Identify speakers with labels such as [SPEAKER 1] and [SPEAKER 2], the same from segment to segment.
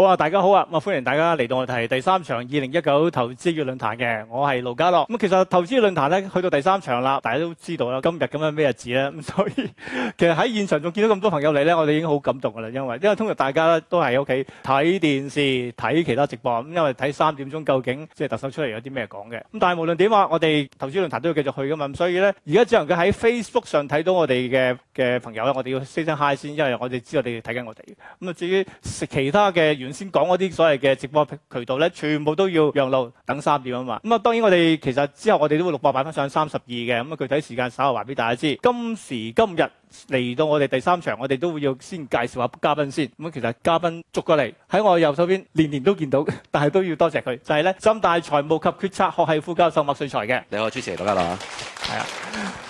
[SPEAKER 1] 好啊！大家好啊！咁啊，歡迎大家嚟到我哋第三場二零一九投資月論壇嘅。我係盧家樂。咁其實投資論壇咧，去到第三場啦，大家都知道啦。今日咁樣咩日子咧？咁所以其實喺現場仲見到咁多朋友嚟咧，我哋已經好感動噶啦。因為因為通常大家都係喺屋企睇電視睇其他直播，咁因為睇三點鐘究竟即係特首出嚟有啲咩講嘅。咁但係無論點話，我哋投資論壇都要繼續去噶嘛。所以咧，而家只能夠喺 Facebook 上睇到我哋嘅嘅朋友咧，我哋要 say 聲 hi 先，因為我哋知道你哋睇緊我哋。咁啊，至於其他嘅先講嗰啲所謂嘅直播渠道呢，全部都要讓路等三點啊嘛。咁啊，當然我哋其實之後我哋都會陸續擺翻上三十二嘅。咁啊，具體時間稍後話俾大家知。今時今日嚟到我哋第三場，我哋都會要先介紹下嘉賓先。咁其實嘉賓逐個嚟喺我右手邊，年年都見到，但係都要多謝佢。就係、是、呢，浸大財務及決策學系副教授麥萃才嘅。你好，主持大家啦啊。係啊。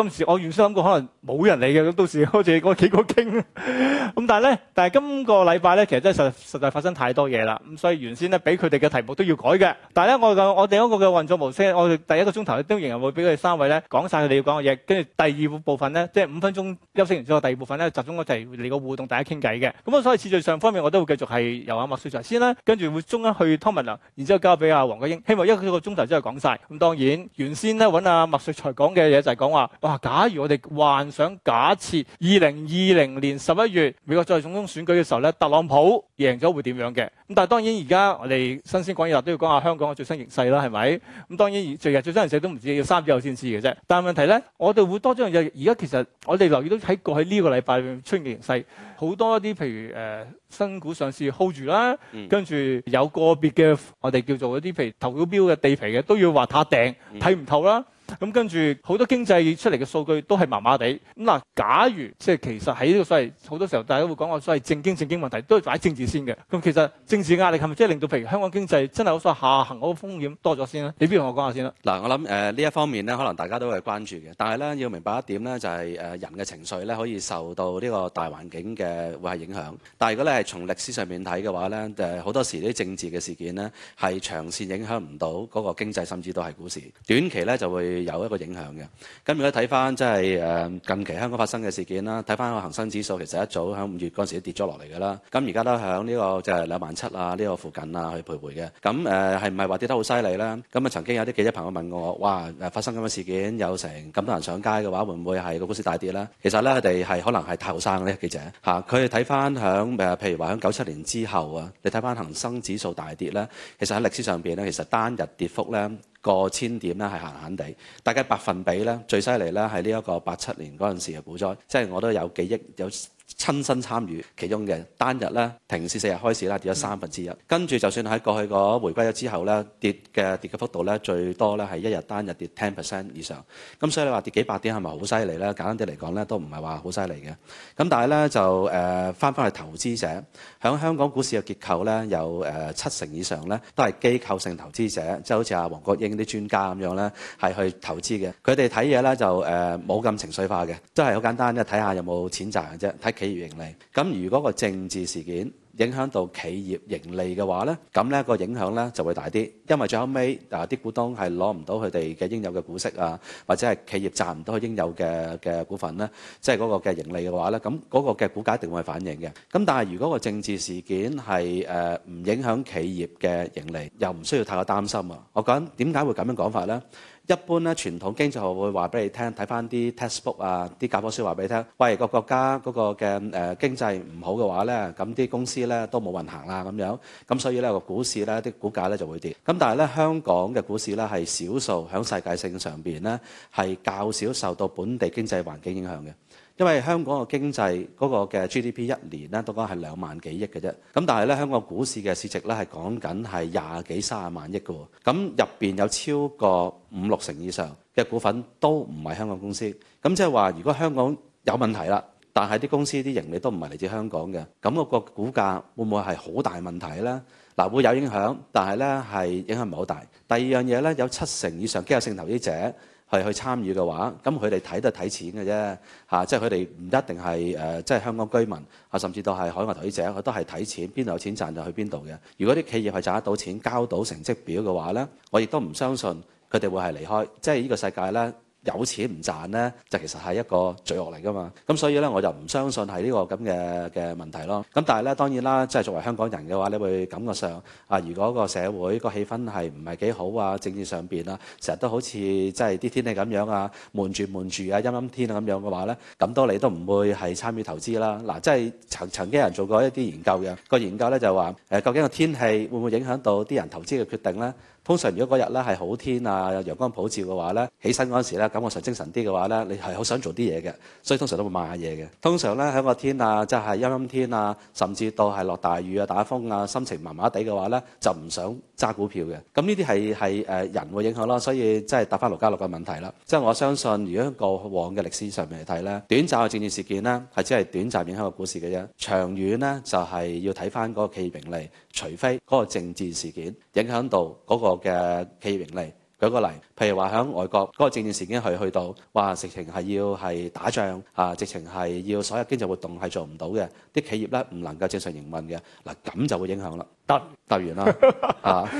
[SPEAKER 1] 今時我原先諗過可能冇人嚟嘅，咁到時好似嗰幾個傾。咁 但係咧，但係今個禮拜咧，其實真係實在實在發生太多嘢啦。咁所以原先咧，俾佢哋嘅題目都要改嘅。但係咧，我我哋嗰個嘅運作模式，我哋第一個鐘頭咧都仍然會俾佢哋三位咧講晒佢哋要講嘅嘢，跟住第二部分咧，即係五分鐘休息完之後，第二部分咧集中喺度嚟個互動，大家傾偈嘅。咁啊，所以次序上方面我都會繼續係由阿、啊、麥萃才先啦，跟住會中間去湯文亮，然之後交俾阿黃國英。希望一個鐘頭之後講晒。咁當然原先咧揾阿麥萃才講嘅嘢就係講話、啊。話假如我哋幻想假設二零二零年十一月美國再總統選舉嘅時候咧，特朗普贏咗會點樣嘅？咁但係當然而家我哋新鮮講嘢啦都要講下香港嘅最新形勢啦，係咪？咁當然而最最新形勢都唔知，要三週後先知嘅啫。但係問題咧，我哋會多咗樣嘢。而家其實我哋留意到喺過去呢個禮拜出現嘅形勢，好多一啲譬如、呃、新股上市 hold 住啦，跟住有個別嘅我哋叫做一啲譬如投票標嘅地皮嘅都要話他定睇唔透啦。咁跟住好多經濟出嚟嘅數據都係麻麻地咁嗱。假如即係其實喺呢個所謂好多時候，大家會講我所謂正經正經問題，都係擺政治先嘅。咁其實政治壓力係咪即係令到譬如香港經濟真係好所下行嗰個風險多咗先咧？你不如同我講下
[SPEAKER 2] 先啦？嗱，我諗誒呢一方面呢，可能大家都係關注嘅。但係咧，要明白一點呢，就係誒人嘅情緒咧，可以受到呢個大環境嘅會係影響。但係如果你係從歷史上面睇嘅話咧，誒好多時啲政治嘅事件呢係長線影響唔到嗰個經濟，甚至都係股市短期咧就會，有一個影響嘅，咁如果睇翻即係誒近期香港發生嘅事件啦，睇翻個恆生指數其實一早響五月嗰陣時都跌咗落嚟嘅啦，咁而家都響呢個就係兩萬七啊呢個附近啊去徘徊嘅，咁誒係唔係話跌得好犀利咧？咁啊曾經有啲記者朋友問我，哇誒發生咁嘅事件，有成咁多人上街嘅話，會唔會係個股市大跌咧？其實咧，佢哋係可能係太後生咧，記者嚇佢哋睇翻響誒，譬如話響九七年之後啊，你睇翻恒生指數大跌咧，其實喺歷史上邊咧，其實單日跌幅咧，過千點呢係閒閒地，大概百分比呢最犀利呢係呢一個八七年嗰陣時嘅股災，即係我都有記憶有。親身參與其中嘅單日咧，停市四日開市咧，跌咗三分之一。嗯、跟住就算喺過去嗰回歸咗之後咧，跌嘅跌嘅幅度咧最多咧係一日單日跌 ten percent 以上。咁所以你話跌幾百點係咪好犀利咧？簡單啲嚟講咧，都唔係話好犀利嘅。咁但係咧就誒翻翻去投資者喺香港股市嘅結構咧，有誒、呃、七成以上咧都係機構性投資者，即、就、係、是、好似阿黃國英啲專家咁樣咧係去投資嘅。佢哋睇嘢咧就誒冇咁情緒化嘅，都係好簡單，就睇下有冇錢賺嘅啫，睇。企業盈利，咁如果個政治事件影響到企業盈利嘅話呢，咁呢個影響呢就會大啲，因為最後尾嗱啲股東係攞唔到佢哋嘅應有嘅股息啊，或者係企業賺唔到佢應有嘅嘅股份呢，即係嗰個嘅盈利嘅話呢，咁嗰個嘅股價一定會反應嘅。咁但係如果個政治事件係誒唔影響企業嘅盈利，又唔需要太過擔心啊。我講點解會咁樣講法呢？一般咧傳統經濟學會話俾你聽，睇翻啲 textbook 啊，啲教科書話俾你聽，喂，個國家嗰個嘅誒經濟唔好嘅話咧，咁啲公司咧都冇運行啦，咁樣，咁所以咧個股市咧啲股價咧就會跌。咁但係咧香港嘅股市咧係少數喺世界性上邊咧係較少受到本地經濟環境影響嘅。因為香港的經濟、那個經濟嗰個嘅 GDP 一年咧都講係兩萬幾億嘅啫，咁但係咧香港股市嘅市值咧係講緊係廿幾卅萬億嘅喎，咁入邊有超過五六成以上嘅股份都唔係香港公司，咁即係話如果香港有問題啦，但係啲公司啲盈利都唔係嚟自香港嘅，咁個個股價會唔會係好大問題咧？嗱會有影響，但係咧係影響唔係好大。第二樣嘢咧有七成以上機構性投資者。係去參與嘅話，咁佢哋睇都睇錢嘅啫。即係佢哋唔一定係誒，即係香港居民、啊、甚至都係海外投資者，佢都係睇錢，邊有錢賺就去邊度嘅。如果啲企業係賺得到錢交到成績表嘅話呢，我亦都唔相信佢哋會係離開，即係呢個世界呢。有錢唔賺呢，就其實係一個罪惡嚟噶嘛。咁所以呢，我就唔相信係呢、這個咁嘅嘅問題咯。咁但係呢，當然啦，即係作為香港人嘅話，你會感覺上啊，如果個社會個氣氛係唔係幾好啊，政治上邊啊，成日都好似即係啲天氣咁樣啊，悶住悶住啊，陰陰天啊咁樣嘅話呢，咁多你都唔會係參與投資啦。嗱，即係曾曾經有人做過一啲研究嘅，個研究呢，就話、啊、究竟個天氣會唔會影響到啲人投資嘅決定呢？通常如果嗰日咧係好天啊、陽光普照嘅話咧，起身嗰陣時咧感覺上精神啲嘅話咧，你係好想做啲嘢嘅，所以通常都會買下嘢嘅。通常咧喺個天啊，即係陰陰天啊，甚至到係落大雨啊、打風啊，心情麻麻地嘅話咧，就唔想。揸股票嘅，咁呢啲係係誒人會影響咯，所以即係答翻盧家樂嘅問題啦。即係我相信，如果過往嘅歷史上面嚟睇咧，短暫嘅政治事件咧係只係短暫影響個股市嘅啫，長遠咧就係要睇翻嗰個企業盈利，除非嗰個政治事件影響到嗰個嘅企業盈利。舉個例。譬如話喺外國嗰個政治事件係去到話，直情係要係打仗啊，直情係要所有經濟活動係做唔到嘅，啲企業咧唔能夠正常營運嘅。嗱，咁就會影
[SPEAKER 1] 響啦。得，答完啦啊。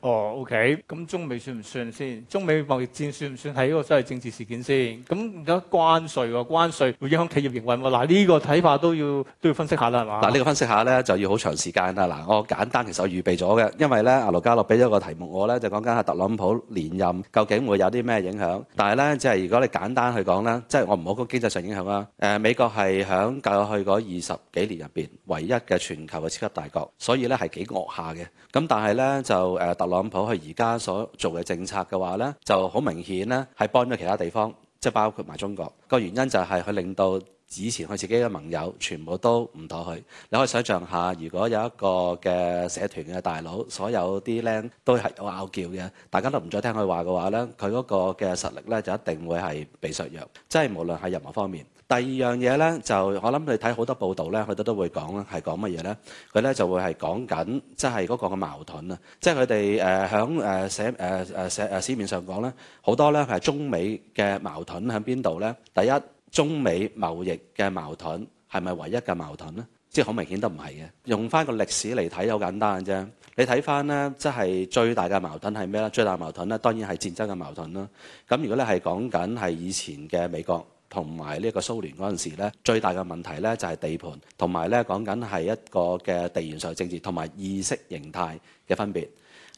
[SPEAKER 1] 哦，OK。咁中美算唔算先？中美貿易戰算唔算係一個真係政治事件先？咁而家關稅喎，關稅會影響企業營運喎。嗱，呢個睇法都要都要分析下啦，係嘛？嗱，呢個分
[SPEAKER 2] 析下咧就要好長時間啦。嗱，我簡單其實我預備咗嘅，因為咧阿羅家樂俾咗個題目，我咧就講緊阿特朗普連任究竟會有啲咩影響？但係呢，即係如果你簡單去講啦，即係我唔好講經濟上影響啦。誒、呃，美國係響過去嗰二十幾年入邊唯一嘅全球嘅超級大國，所以呢係幾惡下嘅。咁但係呢，就誒、呃，特朗普佢而家所做嘅政策嘅話呢，就好明顯呢係幫咗其他地方，即係包括埋中國。個原因就係佢令到。以前佢自己嘅盟友全部都唔妥佢，你可以想象下，如果有一個嘅社團嘅大佬，所有啲靚都係有拗撬嘅，大家都唔再聽佢話嘅話呢，佢嗰個嘅實力呢就一定會係被削弱。即係無論係任何方面。第二樣嘢呢，就我諗你睇好多報道呢，佢都都會講咧，係講乜嘢呢？佢呢就會係講緊，即係嗰個嘅矛盾啊！即係佢哋誒響誒社誒誒市面上講呢，好多呢係中美嘅矛盾喺邊度呢？第一。中美貿易嘅矛盾係咪唯一嘅矛盾呢？即係好明顯都唔係嘅。用翻個歷史嚟睇，好簡單啫。你睇翻呢，即係最大嘅矛盾係咩呢？最大矛盾呢，當然係戰爭嘅矛盾啦。咁如果咧係講緊係以前嘅美國同埋呢個蘇聯嗰陣時呢，最大嘅問題呢就係地盤同埋呢講緊係一個嘅地緣上政治同埋意識形態嘅分別。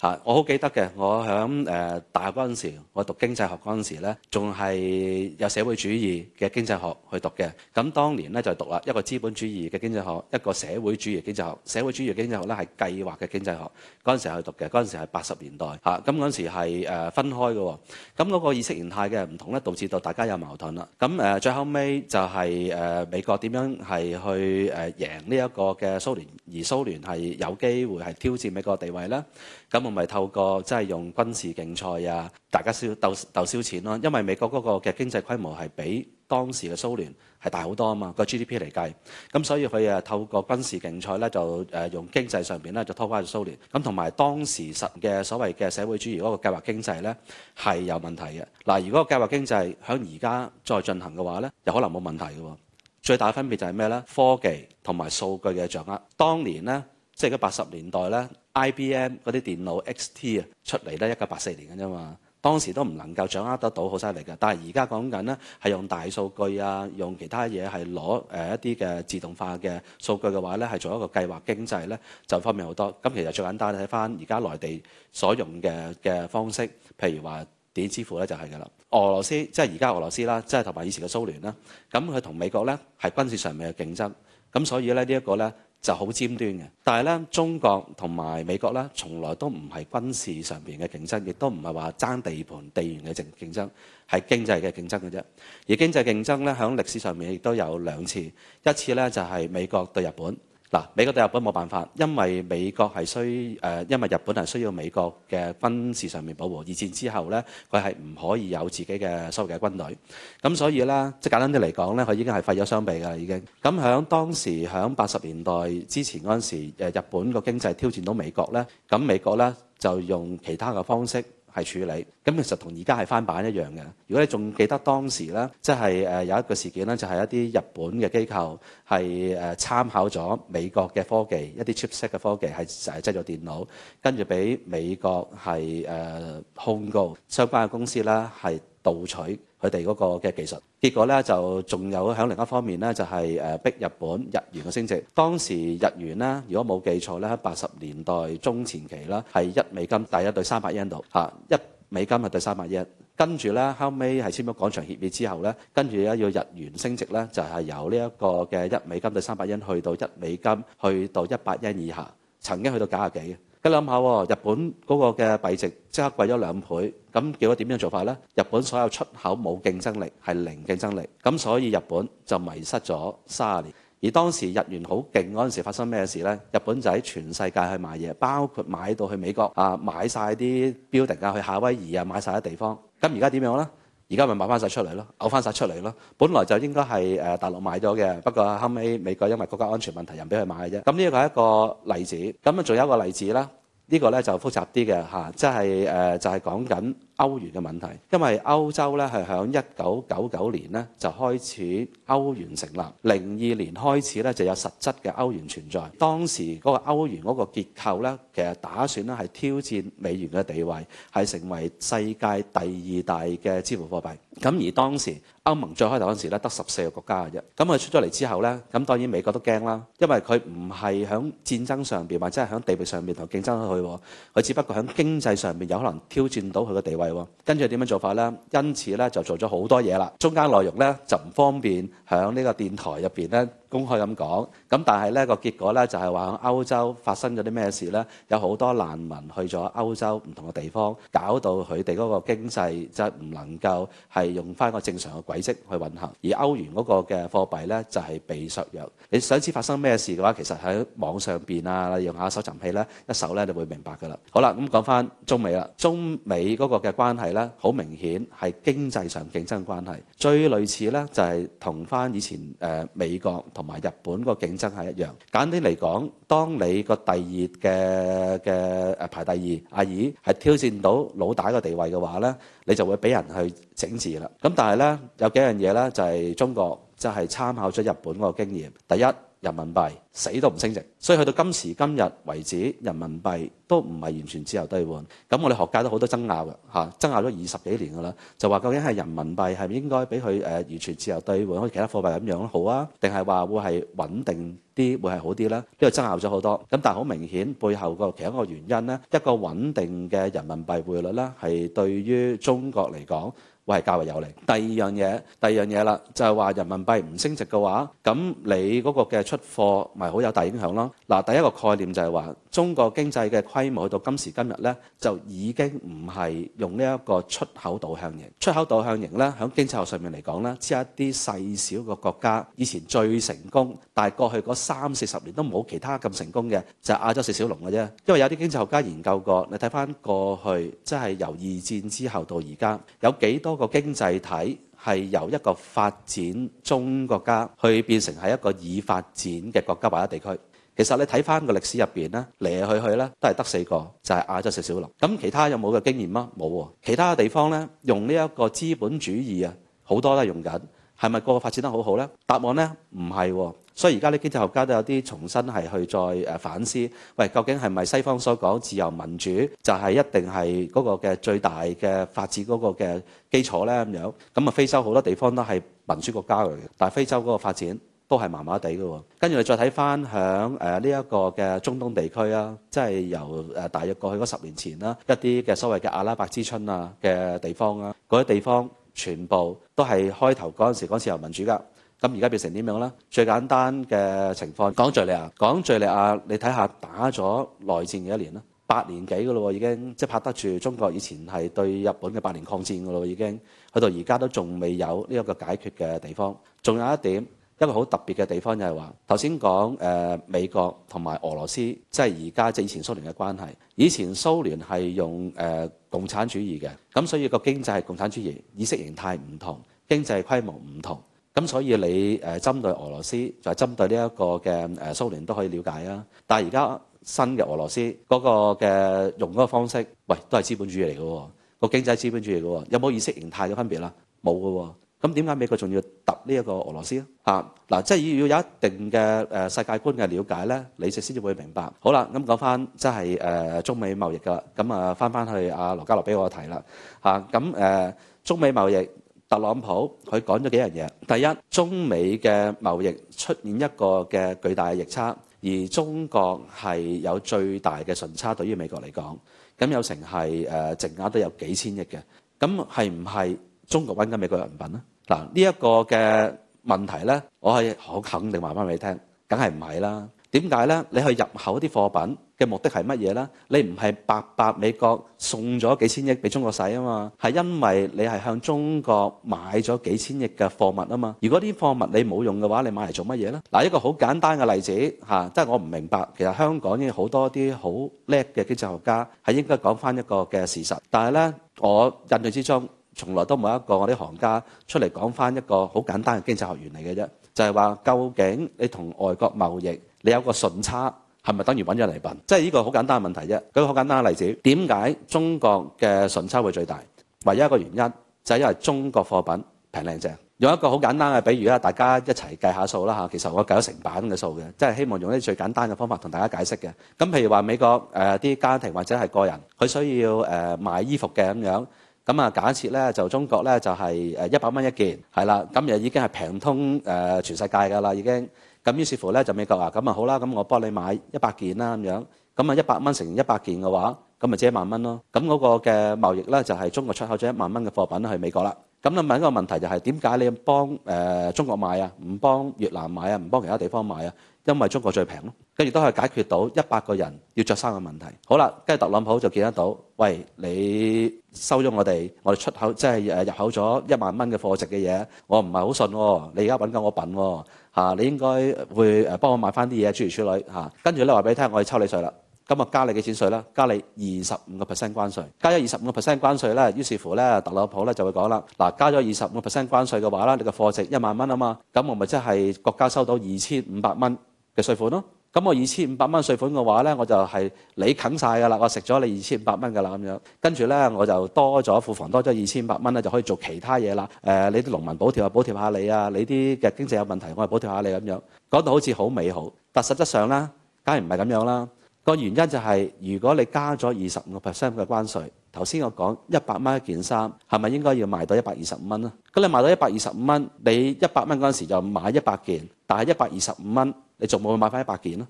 [SPEAKER 2] 吓我好記得嘅，我響誒大學嗰陣時，我讀經濟學嗰陣時呢，仲係有社會主義嘅經濟學去讀嘅。咁當年呢，就讀啦一個資本主義嘅經濟學，一個社會主義經濟學。社會主義經濟學呢係計劃嘅經濟學嗰陣時去讀嘅，嗰陣時係八十年代吓。咁嗰陣時係分開嘅，咁嗰個意識形態嘅唔同呢，導致到大家有矛盾啦。咁最後尾就係誒美國點樣係去誒贏呢一個嘅蘇聯，而蘇聯係有機會係挑戰美國地位咧。咁我咪透過即係用軍事競賽呀、啊，大家燒鬥鬥燒錢咯、啊。因為美國嗰個嘅經濟規模係比當時嘅蘇聯係大好多啊嘛，個 GDP 嚟計。咁所以佢呀透過軍事競賽咧，就用經濟上面咧就拖垮去蘇聯。咁同埋當時嘅所謂嘅社會主義嗰個計劃經濟咧係有問題嘅。嗱，如果計劃經濟喺而家再進行嘅話咧，又可能冇問題嘅。最大分別就係咩咧？科技同埋數據嘅掌握。當年咧，即係嗰八十年代咧。IBM 嗰啲電腦 XT 啊出嚟咧，一九八四年嘅啫嘛，當時都唔能夠掌握得到，好犀利噶。但係而家講緊咧，係用大數據啊，用其他嘢係攞誒一啲嘅自動化嘅數據嘅話咧，係做一個計劃經濟咧，就方便好多。咁其實最簡單睇翻而家內地所用嘅嘅方式，譬如話電子支付咧，就係噶啦。俄羅斯即係而家俄羅斯啦，即係同埋以前嘅蘇聯啦。咁佢同美國咧係軍事上面嘅競爭，咁所以咧呢一個咧。就好尖端嘅。但係呢中國同埋美國呢從來都唔係軍事上面嘅競爭，亦都唔係話爭地盤地緣嘅競爭，係經濟嘅競爭嘅啫。而經濟競爭呢喺歷史上面亦都有兩次。一次呢就係、是、美國對日本。嗱，美國對日本冇辦法，因為美國係需誒、呃，因為日本係需要美國嘅軍事上面保護。二戰之後咧，佢係唔可以有自己嘅所謂嘅軍隊，咁所以咧，即係簡單啲嚟講咧，佢已經係廢咗雙臂㗎已經。咁響當時響八十年代之前嗰陣時候，誒日本個經濟挑戰到美國咧，咁美國咧就用其他嘅方式。係處理，咁其實同而家係翻版一樣嘅。如果你仲記得當時咧，即係誒有一個事件咧，就係一啲日本嘅機構係誒參考咗美國嘅科技，一啲 chipset 嘅科技係製製造電腦，跟住俾美國係誒控告相關嘅公司啦。係。盜取佢哋嗰個嘅技術，結果咧就仲有喺另一方面咧，就係誒逼日本日元嘅升值。當時日元咧，如果冇記錯咧，八十年代中前期啦，係一美金大約對三百 yen 度嚇，一美金係對三百 yen。跟住咧，後尾係簽咗廣場協議之後咧，跟住咧要日元升值咧，就係由呢一個嘅一美金對三百 yen 去到一美金去到一百 yen 以下，曾經去到九廿幾。你諗下，日本嗰個嘅幣值即刻貴咗兩倍，咁結果點樣做法呢？日本所有出口冇競爭力，係零競爭力，咁所以日本就迷失咗三十年。而當時日元好勁嗰陣時，發生咩事呢？日本就喺全世界去買嘢，包括買到去美國啊，買晒啲 building 啊，去夏威夷啊，買晒啲地方。咁而家點樣呢？而家咪賣翻曬出嚟咯，嘔翻曬出嚟咯。本來就應該係大陸買咗嘅，不過後屘美國因為國家安全問題，唔俾佢買啫。咁呢一個係一個例子。咁啊，仲有一個例子啦。呢、這個呢就複雜啲嘅，即係就係講緊。就是歐元嘅問題，因為歐洲咧係響一九九九年咧就開始歐元成立，零二年開始咧就有實質嘅歐元存在。當時嗰個歐元嗰個結構咧，其實打算咧係挑戰美元嘅地位，係成為世界第二大嘅支付貨幣。咁而當時歐盟最開頭嗰時咧得十四個國家嘅啫。咁佢出咗嚟之後咧，咁當然美國都驚啦，因為佢唔係響戰爭上邊，或者係響地盤上面同佢競爭，佢只不過響經濟上面有可能挑戰到佢嘅地位。跟住點樣做法咧？因此咧就做咗好多嘢啦。中間內容咧就唔方便響呢個電台入邊咧。公開咁講，咁但係呢個結果呢，就係話喺歐洲發生咗啲咩事呢？有好多難民去咗歐洲唔同嘅地方，搞到佢哋嗰個經濟就唔能夠係用翻個正常嘅軌跡去運行，而歐元嗰個嘅貨幣呢，就係被削弱。你想知發生咩事嘅話，其實喺網上邊啊，用下搜尋器呢，一手呢你就會明白㗎啦。好啦，咁講翻中美啦，中美嗰個嘅關係呢，好明顯係經濟上競爭關係，最類似呢，就係同翻以前誒美國。同埋日本個競爭係一樣，簡單啲嚟講，當你個第二嘅嘅誒排第二阿二係挑戰到老大個地位嘅話呢，你就會俾人去整治啦。咁但係呢，有幾樣嘢呢，就係中國就係參考咗日本個經驗。第一。人民幣死都唔升值，所以去到今時今日為止，人民幣都唔係完全自由兌換。咁我哋學界都好多爭拗嘅嚇、啊，爭拗咗二十幾年噶啦，就話究竟係人民幣係唔應該俾佢誒完全自由兌換，好似其他貨幣咁樣好啊？定係話會係穩定啲，會係好啲呢？呢、呢個爭拗咗好多。咁但係好明顯，背後個其中一個原因呢，一個穩定嘅人民幣匯率呢，係對於中國嚟講。會係較為有利。第二樣嘢，第二樣嘢啦，就係話人民幣唔升值嘅話，咁你嗰個嘅出貨咪好有大影響咯。嗱，第一個概念就係話中國經濟嘅規模去到今時今日呢，就已經唔係用呢一個出口導向型。出口導向型呢，響經濟學上面嚟講咧，只係一啲細小嘅國家以前最成功，但係過去嗰三四十年都冇其他咁成功嘅，就係亞洲四小龍嘅啫。因為有啲經濟學家研究過，你睇翻過去，即係由二戰之後到而家，有幾多？個經濟體係由一個發展中國家去變成係一個已發展嘅國家或者地區，其實你睇翻個歷史入邊咧，嚟嚟去去咧都係得四個，就係亞洲四小龍。咁其他有冇嘅經驗嗎？冇喎。其他嘅地方咧，用呢一個資本主義啊，好多都係用緊，係咪個個發展得好好咧？答案咧唔係。所以而家呢，經濟學家都有啲重新係去再反思，喂，究竟係咪西方所講自由民主就係一定係嗰個嘅最大嘅發展嗰個嘅基礎咧？咁樣咁啊，非洲好多地方都係民主國家嚟嘅，但係非洲嗰個發展都係麻麻地㗎喎。跟住你再睇翻響呢一個嘅中東地區啊，即係由大約過去嗰十年前啦，一啲嘅所謂嘅阿拉伯之春啊嘅地方啊，嗰啲地方全部都係開頭嗰陣時嗰陣時自由民主㗎。咁而家變成點樣啦？最簡單嘅情況，講敍利亞，講敍利亞，你睇下打咗內戰嘅一年啦？八年幾噶咯喎，已經即係拍得住中國以前係對日本嘅八年抗戰噶咯，已經去到而家都仲未有呢一個解決嘅地方。仲有一點，一個好特別嘅地方就係話，頭先講誒美國同埋俄羅斯，即係而家即係以前蘇聯嘅關係。以前蘇聯係用誒共產主義嘅，咁所以個經濟係共產主義，意識形態唔同，經濟規模唔同。咁所以你誒針對俄羅斯，就係針對呢一個嘅誒蘇聯都可以了解啊。但係而家新嘅俄羅斯嗰個嘅用嘅方式，喂，都係資本主義嚟嘅喎，個經濟資本主義嘅喎，有冇意識形態嘅分別啦？冇嘅喎。咁點解美國仲要揼呢一個俄羅斯啊？嗱，即係要要有一定嘅誒世界觀嘅了解咧，你先先至會明白。好啦，咁講翻即係誒中美貿易嘅啦。咁啊，翻翻去阿羅嘉樂俾我睇啦。嚇，咁誒中美貿易。特朗普佢講咗幾樣嘢。第一，中美嘅貿易出現一個嘅巨大逆差，而中國係有最大嘅順差對於美國嚟講，咁有成係誒淨額都有幾千億嘅。咁係唔係中國揾緊美國人品呢？嗱，呢一個嘅問題呢，我係好肯定話翻俾你聽，梗係唔係啦？點解呢？你去入口啲貨品。嘅目的係乜嘢呢？你唔係白白美國送咗幾千億俾中國使啊嘛？係因為你係向中國買咗幾千億嘅貨物啊嘛？如果啲貨物你冇用嘅話，你買嚟做乜嘢呢？嗱，一個好簡單嘅例子嚇，即係我唔明白。其實香港已經好多啲好叻嘅經濟學家係應該講翻一個嘅事實，但係呢，我印象之中從來都冇一個我啲行家出嚟講翻一個好簡單嘅經濟學原理嘅啫，就係話究竟你同外國貿易你有個順差。係咪等於揾咗嚟品？即係呢個好簡單嘅問題啫。舉個好簡單嘅例子，點解中國嘅順差會最大？唯一一個原因就係、是、因為中國貨品平靚正。用一個好簡單嘅比喻啦，大家一齊計下數啦嚇。其實我計咗成版嘅數嘅，即係希望用啲最簡單嘅方法同大家解釋嘅。咁譬如話美國誒啲、呃、家庭或者係個人，佢需要誒、呃、買衣服嘅咁樣。咁啊，假設咧就中國咧就係誒一百蚊一件，係啦，今日已經係平通誒、呃、全世界㗎啦，已經。咁於是乎咧就美國啊，咁啊好啦，咁我幫你買一百件啦咁樣，咁啊一百蚊乘一百件嘅話，咁咪即係一萬蚊咯。咁嗰個嘅貿易咧就係中國出口咗一萬蚊嘅貨品去美國啦。咁咧問一個問題就係點解你幫誒中國買啊？唔幫越南買啊？唔幫其他地方買啊？因為中國最平咯。跟住都係解決到一百個人要着衫嘅問題。好啦，跟住特朗普就見得到，喂，你收咗我哋，我哋出口即係誒入口咗一萬蚊嘅貨值嘅嘢，我唔係好信喎，你而家揾緊我笨喎。嚇，你應該會誒幫我買翻啲嘢，諸如此類嚇。跟住咧話俾你聽，我要抽你稅啦，咁加你幾錢稅啦？加你二十五個 percent 關稅，加咗二十五個 percent 關稅咧，於是乎咧，特朗普咧就會講啦，嗱，加咗二十五個 percent 關稅嘅話啦，你個貨值一萬蚊啊嘛，咁我咪即係國家收到二千五百蚊嘅稅款咯。咁我二千五百蚊稅款嘅話呢，我就係你啃晒㗎啦，我食咗你二千五百蚊㗎啦咁樣。跟住呢，我就多咗庫房多咗二千五百蚊咧，就可以做其他嘢啦。誒、呃，你啲農民補貼啊，補貼下你啊，你啲嘅經濟有問題，我係補貼下你咁樣。講到好似好美好，但實際上呢，梗係唔係咁樣啦。個原因就係、是，如果你加咗二十五個 percent 嘅關稅，頭先我講一百蚊一件衫，係咪應該要賣到一百二十五蚊咧？咁你賣到一百二十五蚊，你一百蚊嗰陣時就買一百件，但係一百二十五蚊。你仲冇買翻一百件咯？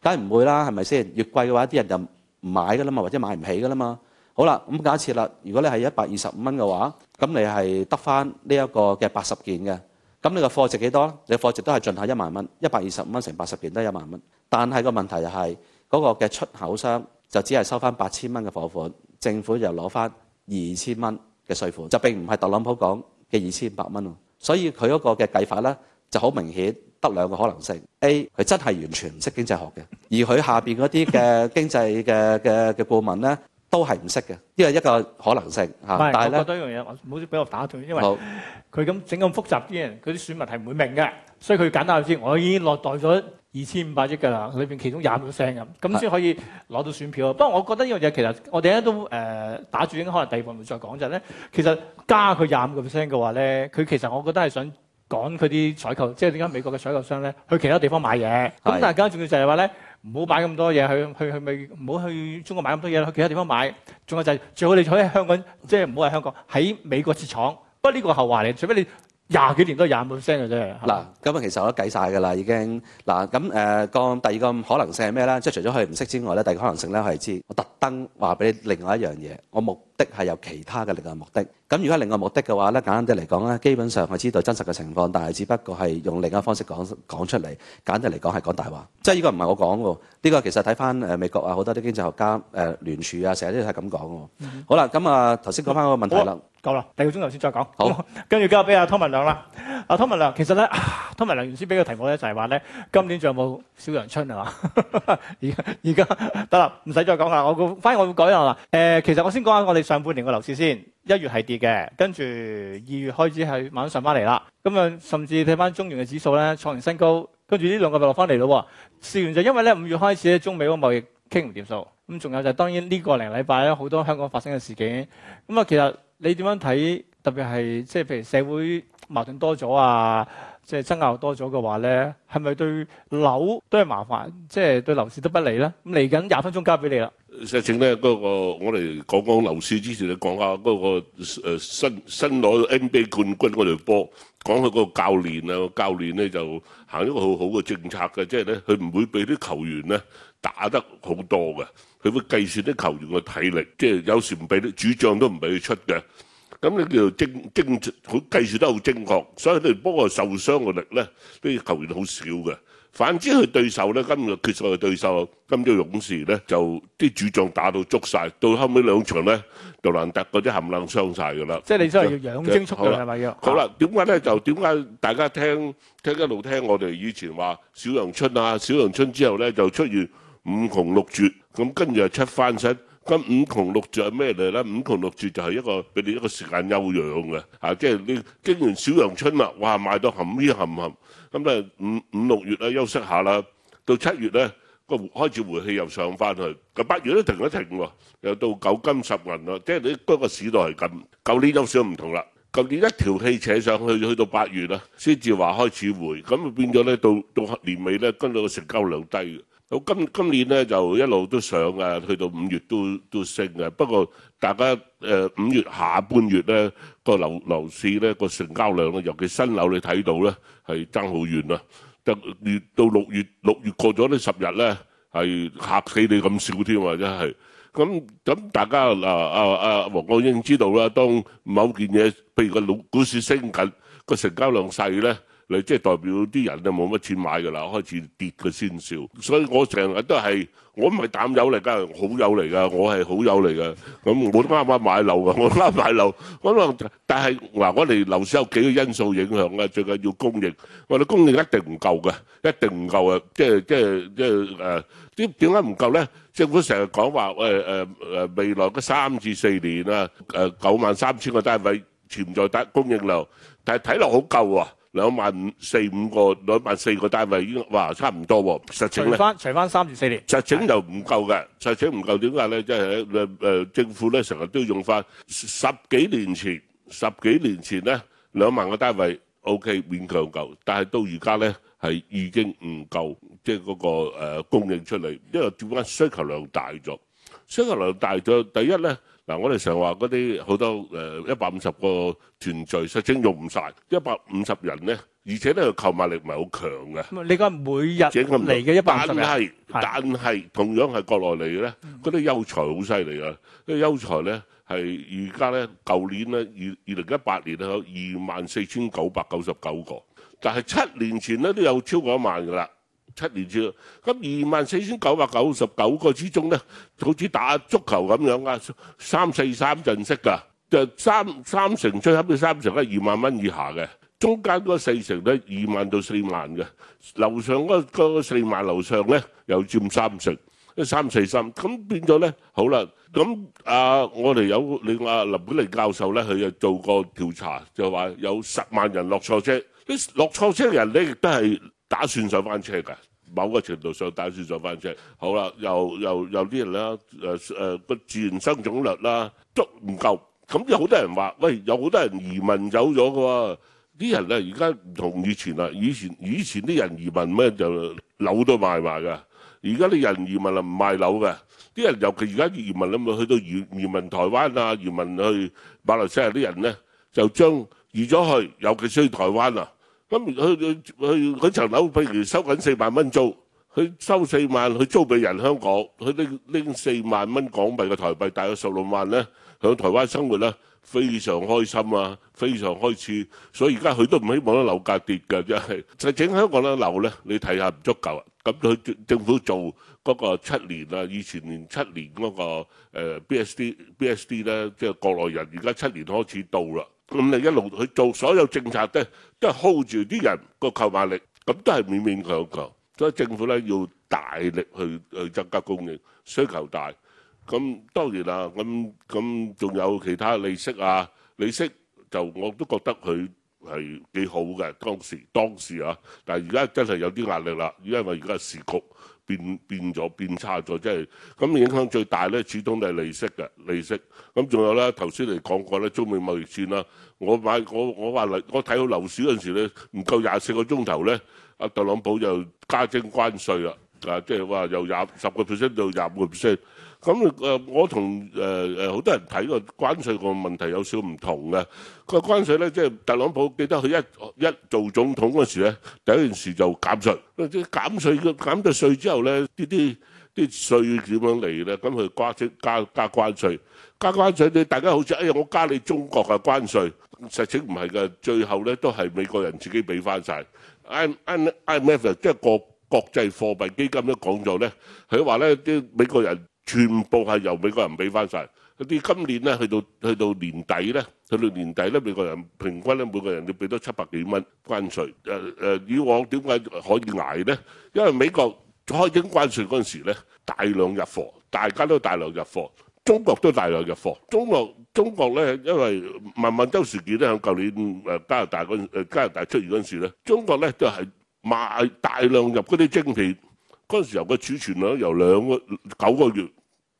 [SPEAKER 2] 梗係唔會啦，係咪先？越貴嘅話，啲人就唔買噶啦嘛，或者買唔起噶啦嘛。好啦，咁假設啦，如果你係一百二十五蚊嘅話，咁你係得翻呢一個嘅八十件嘅。咁你個貨值幾多？你貨值都係進下一萬蚊，一百二十五蚊成八十件都係一萬蚊。但係個問題就係，嗰個嘅出口商就只係收翻八千蚊嘅貨款，政府就攞翻二千蚊嘅稅款，就並唔係特朗普講嘅二千八蚊喎。所以佢嗰個嘅計法咧就好明顯。得兩個可能性，A 佢真係完全唔識經濟學嘅，而佢下邊嗰啲嘅經濟嘅嘅嘅顧問咧都係唔識嘅，呢個一個可能性吓。是但係咧，我覺得
[SPEAKER 1] 一樣嘢，唔好俾我打斷，因為佢咁整咁複雜啲人，佢啲選民係唔會明嘅，所以佢簡單啲先。我已經落袋咗二千五百億㗎啦，裏邊其中廿五個 percent 咁，咁先可以攞到選票。不過是的 我覺得呢樣嘢其實我哋咧都誒、呃、打住，應該可能第二部分再講就係咧，其實加佢廿五個 percent 嘅話咧，佢其實我覺得係想。講佢啲採購，即係點解美國嘅採購商咧去其他地方買嘢？咁的但係更加重要就係話咧，唔好擺咁多嘢去去去咪唔好去中國買咁多嘢，去其他地方買。仲有就係、是、最好你可以喺香港，即係唔好喺香港喺美國設廠。不過呢個後話嚟，除非你廿幾年都係廿五 percent 嘅啫。嗱，咁啊其實我都計
[SPEAKER 2] 晒㗎啦，已經嗱咁誒個第二個可能性係咩咧？即係除咗佢唔識之外咧，第二個可能性咧係知我特登話俾你另外一樣嘢，我冇。的係有其他嘅另外的目的，咁如果係另外的目的嘅話咧，簡單啲嚟講咧，基本上係知道真實嘅情況，但係只不過係用另一個方式講講出嚟。簡單嚟講係講大話，即係呢個唔係我講喎。呢、這個其實睇翻誒美國啊，好多啲經濟學家誒聯、呃、署啊，成日都係咁講喎。嗯、好啦，咁啊頭先講翻個問題啦，
[SPEAKER 1] 夠啦，第二個鐘頭先再講。好，跟住交俾阿湯文亮啦。阿湯文亮，其實咧，湯文亮原先俾嘅題目咧就係話咧，今年仲有冇小陽春係嘛？而而家得啦，唔使再講啦。我反而我會改啦。誒，其實我先講下我哋。上半年嘅樓市先，一月係跌嘅，跟住二月開始係晚上翻嚟啦。咁啊，甚至睇翻中原嘅指數咧，創完新高，跟住呢兩個就落翻嚟咯。試完就因為咧五月開始咧中美嗰個貿易傾唔掂數，咁仲有就當然呢個零禮拜咧好多香港發生嘅事件。咁啊，其實你點樣睇？特別係即係譬如社會矛盾多咗啊！即係爭拗多咗嘅話咧，係咪對樓都係麻煩，即係對樓市都不利咧？咁嚟緊廿分鐘交俾你
[SPEAKER 3] 啦。實情咧，嗰個我哋講講樓市之前，講下嗰個呃新新攞 NBA 冠軍嗰隊波，講佢個教練啊，教練咧就行一個好好嘅政策嘅，即係咧佢唔會俾啲球員咧打得好多嘅，佢會計算啲球員嘅體力，即係有時唔俾啲主將都唔俾佢出嘅。咁你叫做精精好計算得好精確，所以咧不過受傷嘅力咧啲球員好少嘅。反之佢對手咧，今日決賽嘅對手今日勇士咧就啲主將打到捉曬，到後尾兩場咧，杜蘭特嗰啲冚唪唥傷曬㗎啦。即係你真係要養精蓄力係咪要？好啦，點解咧？就點解大家聽聽一路聽我哋以前話小陽春啊，小陽春之後咧就出現五窮六絕，咁跟住又出翻身。咁五窮六絕係咩嚟咧？五窮六絕就係一個俾你一個時間休養嘅，啊，即係你經完小陽春啦，哇，賣到含依含含，咁咧五五六月咧休息下啦，到七月咧個開始回氣又上翻去，咁八月都停一停喎，又到九金十銀咯，即係你嗰個市道係咁。舊年有少少唔同啦，舊年一條氣扯上去，去到八月啦，先至話開始回，咁就變咗咧，到到年尾咧跟到個成交量低嘅。好，今今年咧就一路都上啊，去到五月都都升啊。不過大家誒五月下半月咧個樓樓市咧個成交量咧，尤其新樓你睇到咧係爭好遠啊。到月到六月六月過咗呢十日咧係嚇死你咁少添啊，真係。咁咁大家啊啊啊黃國英知道啦，當某件嘢譬如個股股市升緊，個成交量細咧。你即係代表啲人就冇乜錢買㗎啦，開始跌嘅先兆。所以我成日都係我唔係淡友嚟㗎，我好友嚟㗎，我係好友嚟㗎。咁我都啱啱買樓㗎，我啱買樓咁啊。但係嗱，我哋樓市有幾個因素影響㗎，最緊要供應。我哋供應一定唔夠嘅，一定唔夠啊！即係即係即係誒，啲點解唔夠咧？政府成日講話誒誒誒未來嗰三至四年啦，誒九萬三千個單位潛在供供應量，但係睇落好夠喎。兩萬四五個，兩萬四個單位已經話差唔多喎。實情咧，除
[SPEAKER 1] 翻除翻三至四年，
[SPEAKER 3] 實情就唔夠嘅。對實情唔夠點解咧？即係誒誒，政府咧成日都要用翻十幾年前十幾年前咧兩萬個單位，OK，勉強夠。但係到而家咧係已經唔夠，即係嗰個誒、呃、供應出嚟，因為點解需求量大咗？需求量大咗，第一咧。嗱，我哋常話嗰啲好多誒一百五十個團聚，實情用唔晒一百五十人咧，而且咧佢購買力唔係好強嘅。你講每日嚟嘅一百五十，但係是是但係同樣係國內嚟嘅咧，嗰啲優才好犀利㗎！即係優才咧係而家咧，舊年咧二二零一八年都有二萬四千九百九十九個，但係七年前咧都有超過一萬㗎啦。七年之咁二萬四千九百九十九個之中咧，好似打足球咁樣啊，三四三陣式噶，就三三成最合嘅三成咧，二萬蚊以下嘅，中間嗰四成咧，二萬到四萬嘅，樓上嗰個四萬樓上咧又佔三成，即係三四三咁變咗咧，好啦，咁啊我哋有你話林本利教授咧，佢就做過調查，就話有十萬人落錯車，啲落錯車嘅人咧亦都係打算上翻車㗎。某個程度上，打算上翻出嚟。好啦，又又有啲人啦，誒誒個自然生長率啦，足唔夠。咁有好多人話，喂，有好多人移民走咗㗎喎。啲人咧，而家唔同以前啦。以前以前啲人移民咩就樓都賣埋㗎。而家啲人移民啊唔賣樓㗎。啲人尤其而家移民啦，咪去到移移民台灣啊，移民去馬來西亞啲人咧，就將移咗去，尤其需要台灣啊。咁佢佢佢嗰層樓，譬如收緊四萬蚊租，佢收四萬，佢租俾人香港，佢拎拎四萬蚊港幣嘅台幣，大約十六萬咧，喺台灣生活咧，非常開心啊，非常開心。所以而家佢都唔希望咧樓價跌嘅，即係。但係整香港咧樓咧，你睇下唔足夠啊。咁佢政府做嗰個七年啊，以前年七年嗰個誒 B S D B S D 咧，即係國內人，而家七年開始到啦。咁你一路去做所有政策呢，都都係 hold 住啲人個購買力，咁都係勉勉強強，所以政府呢，要大力去去增加供應，需求大。咁當然啦，咁咁仲有其他利息啊，利息就我都覺得佢係幾好嘅，當時當時啊，但係而家真係有啲壓力啦，因為而家市局。變變咗，變差咗，即係咁影響最大咧，始終都係利息嘅利息。咁仲有咧，頭先你講過咧，中美貿易戰啦。我買我我話我睇到樓市嗰陣時咧，唔夠廿四個鐘頭咧，阿特朗普就加徵關稅啦，啊，即係話由廿十個 percent 到廿五個 percent。咁誒，我同誒誒好多人睇個關稅個問題有少唔同嘅。個關稅咧，即係特朗普記得佢一一做總統嗰陣時咧，第一件事就減稅。減稅減咗稅之後咧，啲啲啲稅點樣嚟咧？咁佢加即加加關稅，加關稅你大家好似哎呀我加你中國嘅關稅，實情唔係㗎，最後咧都係美國人自己俾翻晒 I M F 即係國國際貨幣基金咧講就咧，佢話咧啲美國人。全部係由美國人俾翻晒。啲今年呢，去到去到年底呢，去到年底呢，美國人平均呢，每個人要俾多七百幾蚊關稅。誒、呃、誒、呃，以往點解可以捱呢？因為美國開徵關稅嗰陣時咧，大量入貨，大家都大量入貨，中國都大量入貨。中國中國咧，因為孟晚舟事件得，響舊年加拿大嗰陣加拿大出現嗰陣時咧，中國呢都係賣大量入嗰啲晶片，嗰陣時候個儲存量由兩個九個月。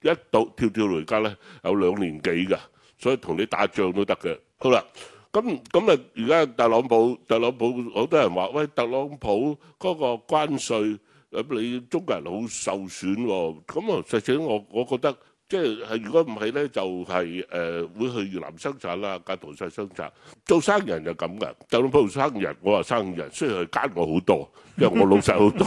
[SPEAKER 3] 一到跳跳雷家咧，有兩年幾㗎，所以同你打仗都得嘅。好啦，咁咁啊，而家特朗普特朗普好多人話：喂，特朗普嗰個關稅，咁你中國人好受損喎。咁啊，實際我我覺得即係，係如果唔係咧，就係誒會去越南生產啦，加淘汰生產。做生意人就咁噶，特朗普做生意人，我話生意人雖然佢奸我好多，因為我老實好多。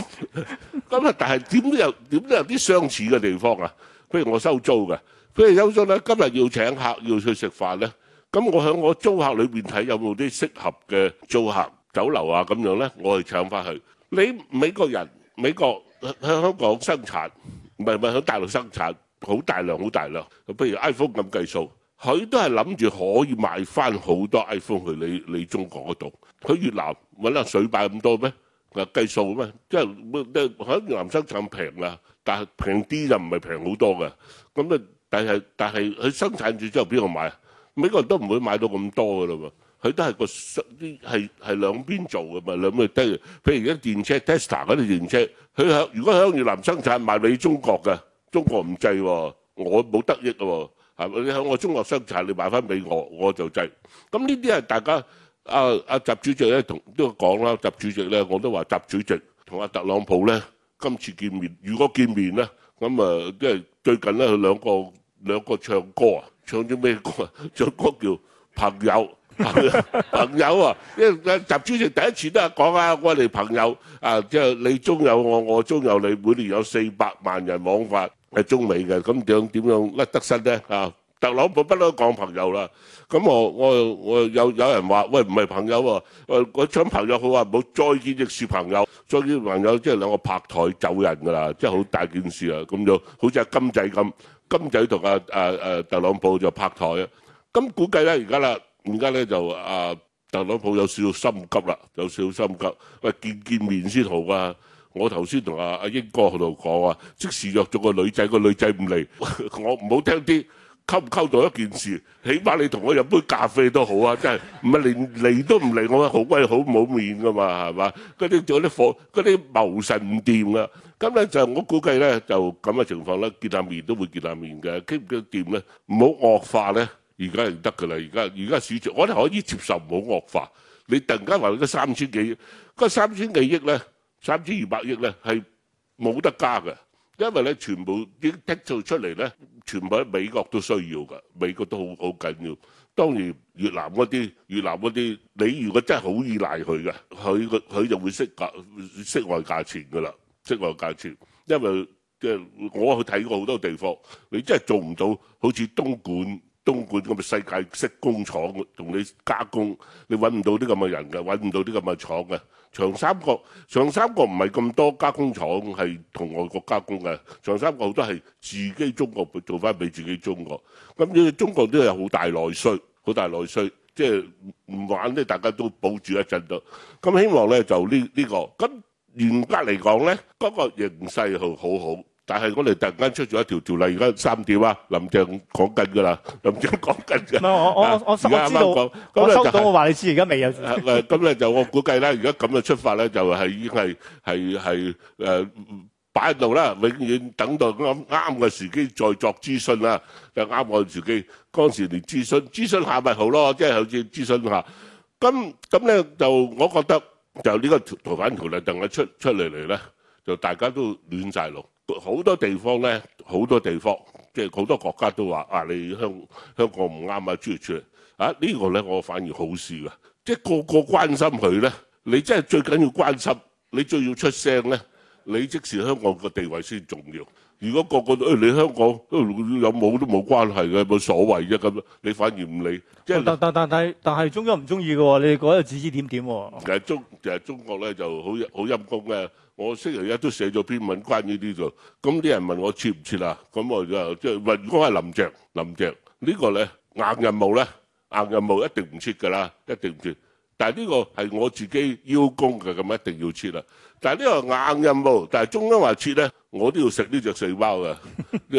[SPEAKER 3] 咁啊，但係點都有點都有啲相似嘅地方啊。譬如我收租嘅，譬如收租咧。今日要請客，要去食飯咧。咁我喺我租客裏邊睇有冇啲適合嘅租客酒樓啊咁樣咧，我去請翻佢。你美國人美國喺香港生產，唔係唔係喺大陸生產，好大量好大量。咁譬如 iPhone 咁計數，佢都係諗住可以賣翻好多 iPhone 去你你中國嗰度。佢越南揾下水擺咁多咩？計數咩？即係喺越南生產平啊！但係平啲就唔係平好多嘅，咁啊，但係但係佢生產完之後邊個買？美國人都唔會買到咁多嘅嘞喎，佢都係個生啲係係兩邊做嘅嘛，兩邊得嘅。譬如而家電車 Tesla 嗰啲電車，佢喺如果喺越南生產賣俾中國嘅，中國唔制喎，我冇得益喎，係咪？你喺我中國生產你買翻俾我，我就制。咁呢啲係大家阿阿習主席咧同都講啦，習主席咧我都話習主席同阿特朗普咧。今次見面，如果見面呢，咁誒，即係最近呢，佢兩個兩個唱歌啊，唱咗咩歌啊？唱歌叫朋友，朋友啊，因為習主席第一次都係講啊，我哋朋友啊，即係你中有我，我中有你，每年有四百萬人往返係中美嘅，咁點點樣甩得身呢啊？特朗普不嬲講朋友啦，咁我我我有有人話：喂，唔係朋友喎，我唱朋友，佢話冇，再見亦是朋友。再見朋友即係兩個拍台走人㗎啦，即係好大件事啦。咁就好似阿金仔咁，金仔同阿阿阿特朗普就拍台啊。咁估計咧，而家啦，而家咧就阿特朗普有少少心急啦，有少少心急。喂，見見面先好㗎！我頭先同阿阿英哥喺度講啊，即時約咗個女仔，個女仔唔嚟，我唔好聽啲。溝唔溝到一件事，起碼你同我飲杯咖啡都好啊！真係唔係連嚟都唔嚟，我好鬼好冇面噶嘛，係嘛？嗰啲做啲貨，嗰啲謀神唔掂啦。咁咧就我估計咧，就咁嘅情況咧，見下面都會見下面嘅，堅唔堅掂咧？唔好惡化咧，而家係得㗎啦！而家而家市場我哋可以接受，唔好惡化。你突然間話嗰三千幾，嗰三千幾億咧，三千二百億咧係冇得加嘅，因為咧全部已經剔做出嚟咧。全部喺美國都需要㗎，美國都好好緊要。當然越南嗰啲，越南嗰啲，你如果真係好依賴佢嘅，佢佢就會識價，識外價錢㗎啦，識外價錢。因為即係我去睇過好多地方，你真係做唔到，好似東莞。東莞咁嘅世界式工廠同你加工，你揾唔到啲咁嘅人㗎，揾唔到啲咁嘅廠㗎。長三角長三角，唔係咁多加工廠，係同外國加工㗎。長三角好多係自己中國做翻俾自己中國。咁你中國都有好大內需，好大內需，即係唔玩咧，大家都保住一陣都。咁希望咧就呢呢個。咁嚴格嚟講咧，嗰個形勢係好好。但係我哋突然間出咗一條條例，而家三點啊，林鄭講緊㗎啦，林鄭講緊㗎。唔係我
[SPEAKER 1] 我我收到，我收到，我話你
[SPEAKER 3] 知，而家未有。誒咁咧就我估計啦，而家咁嘅出發咧，就係已經係係係誒擺喺度啦，永遠等到啱啱嘅時機再作諮詢啦。就啱個時機，嗰陣時連諮詢諮詢下咪好咯，即係好似諮詢下。咁咁咧就我覺得就呢個逃逃犯條例突然間出出嚟嚟咧，就大家都亂晒路。好多地方咧，好多地方，即係好多國家都話：啊，你香香港唔啱啊，出嚟出嚟啊！呢個咧，我反而好事㗎，即係個個關心佢咧。你真係最緊要關心，你最要出聲咧。你即是香港個地位先重要。如果個個都誒你香港有冇都冇關係嘅，有冇所謂啫咁。你反而唔理。
[SPEAKER 1] 但但但但但係中央唔中意嘅喎，你嗰度指指點點喎。
[SPEAKER 3] 其實中其實中國咧就好好陰功嘅。我星期一都寫咗篇文關於呢度，咁啲人問我撤唔撤啊？咁我就即係話：如果係林鄭，林鄭、這個、呢個咧硬任務咧硬任務一定唔撤噶啦，一定唔撤。但呢個係我自己邀功嘅，咁一定要撤啦、啊。但呢個硬任務，但中央話撤咧，我都要食呢隻細包嘅。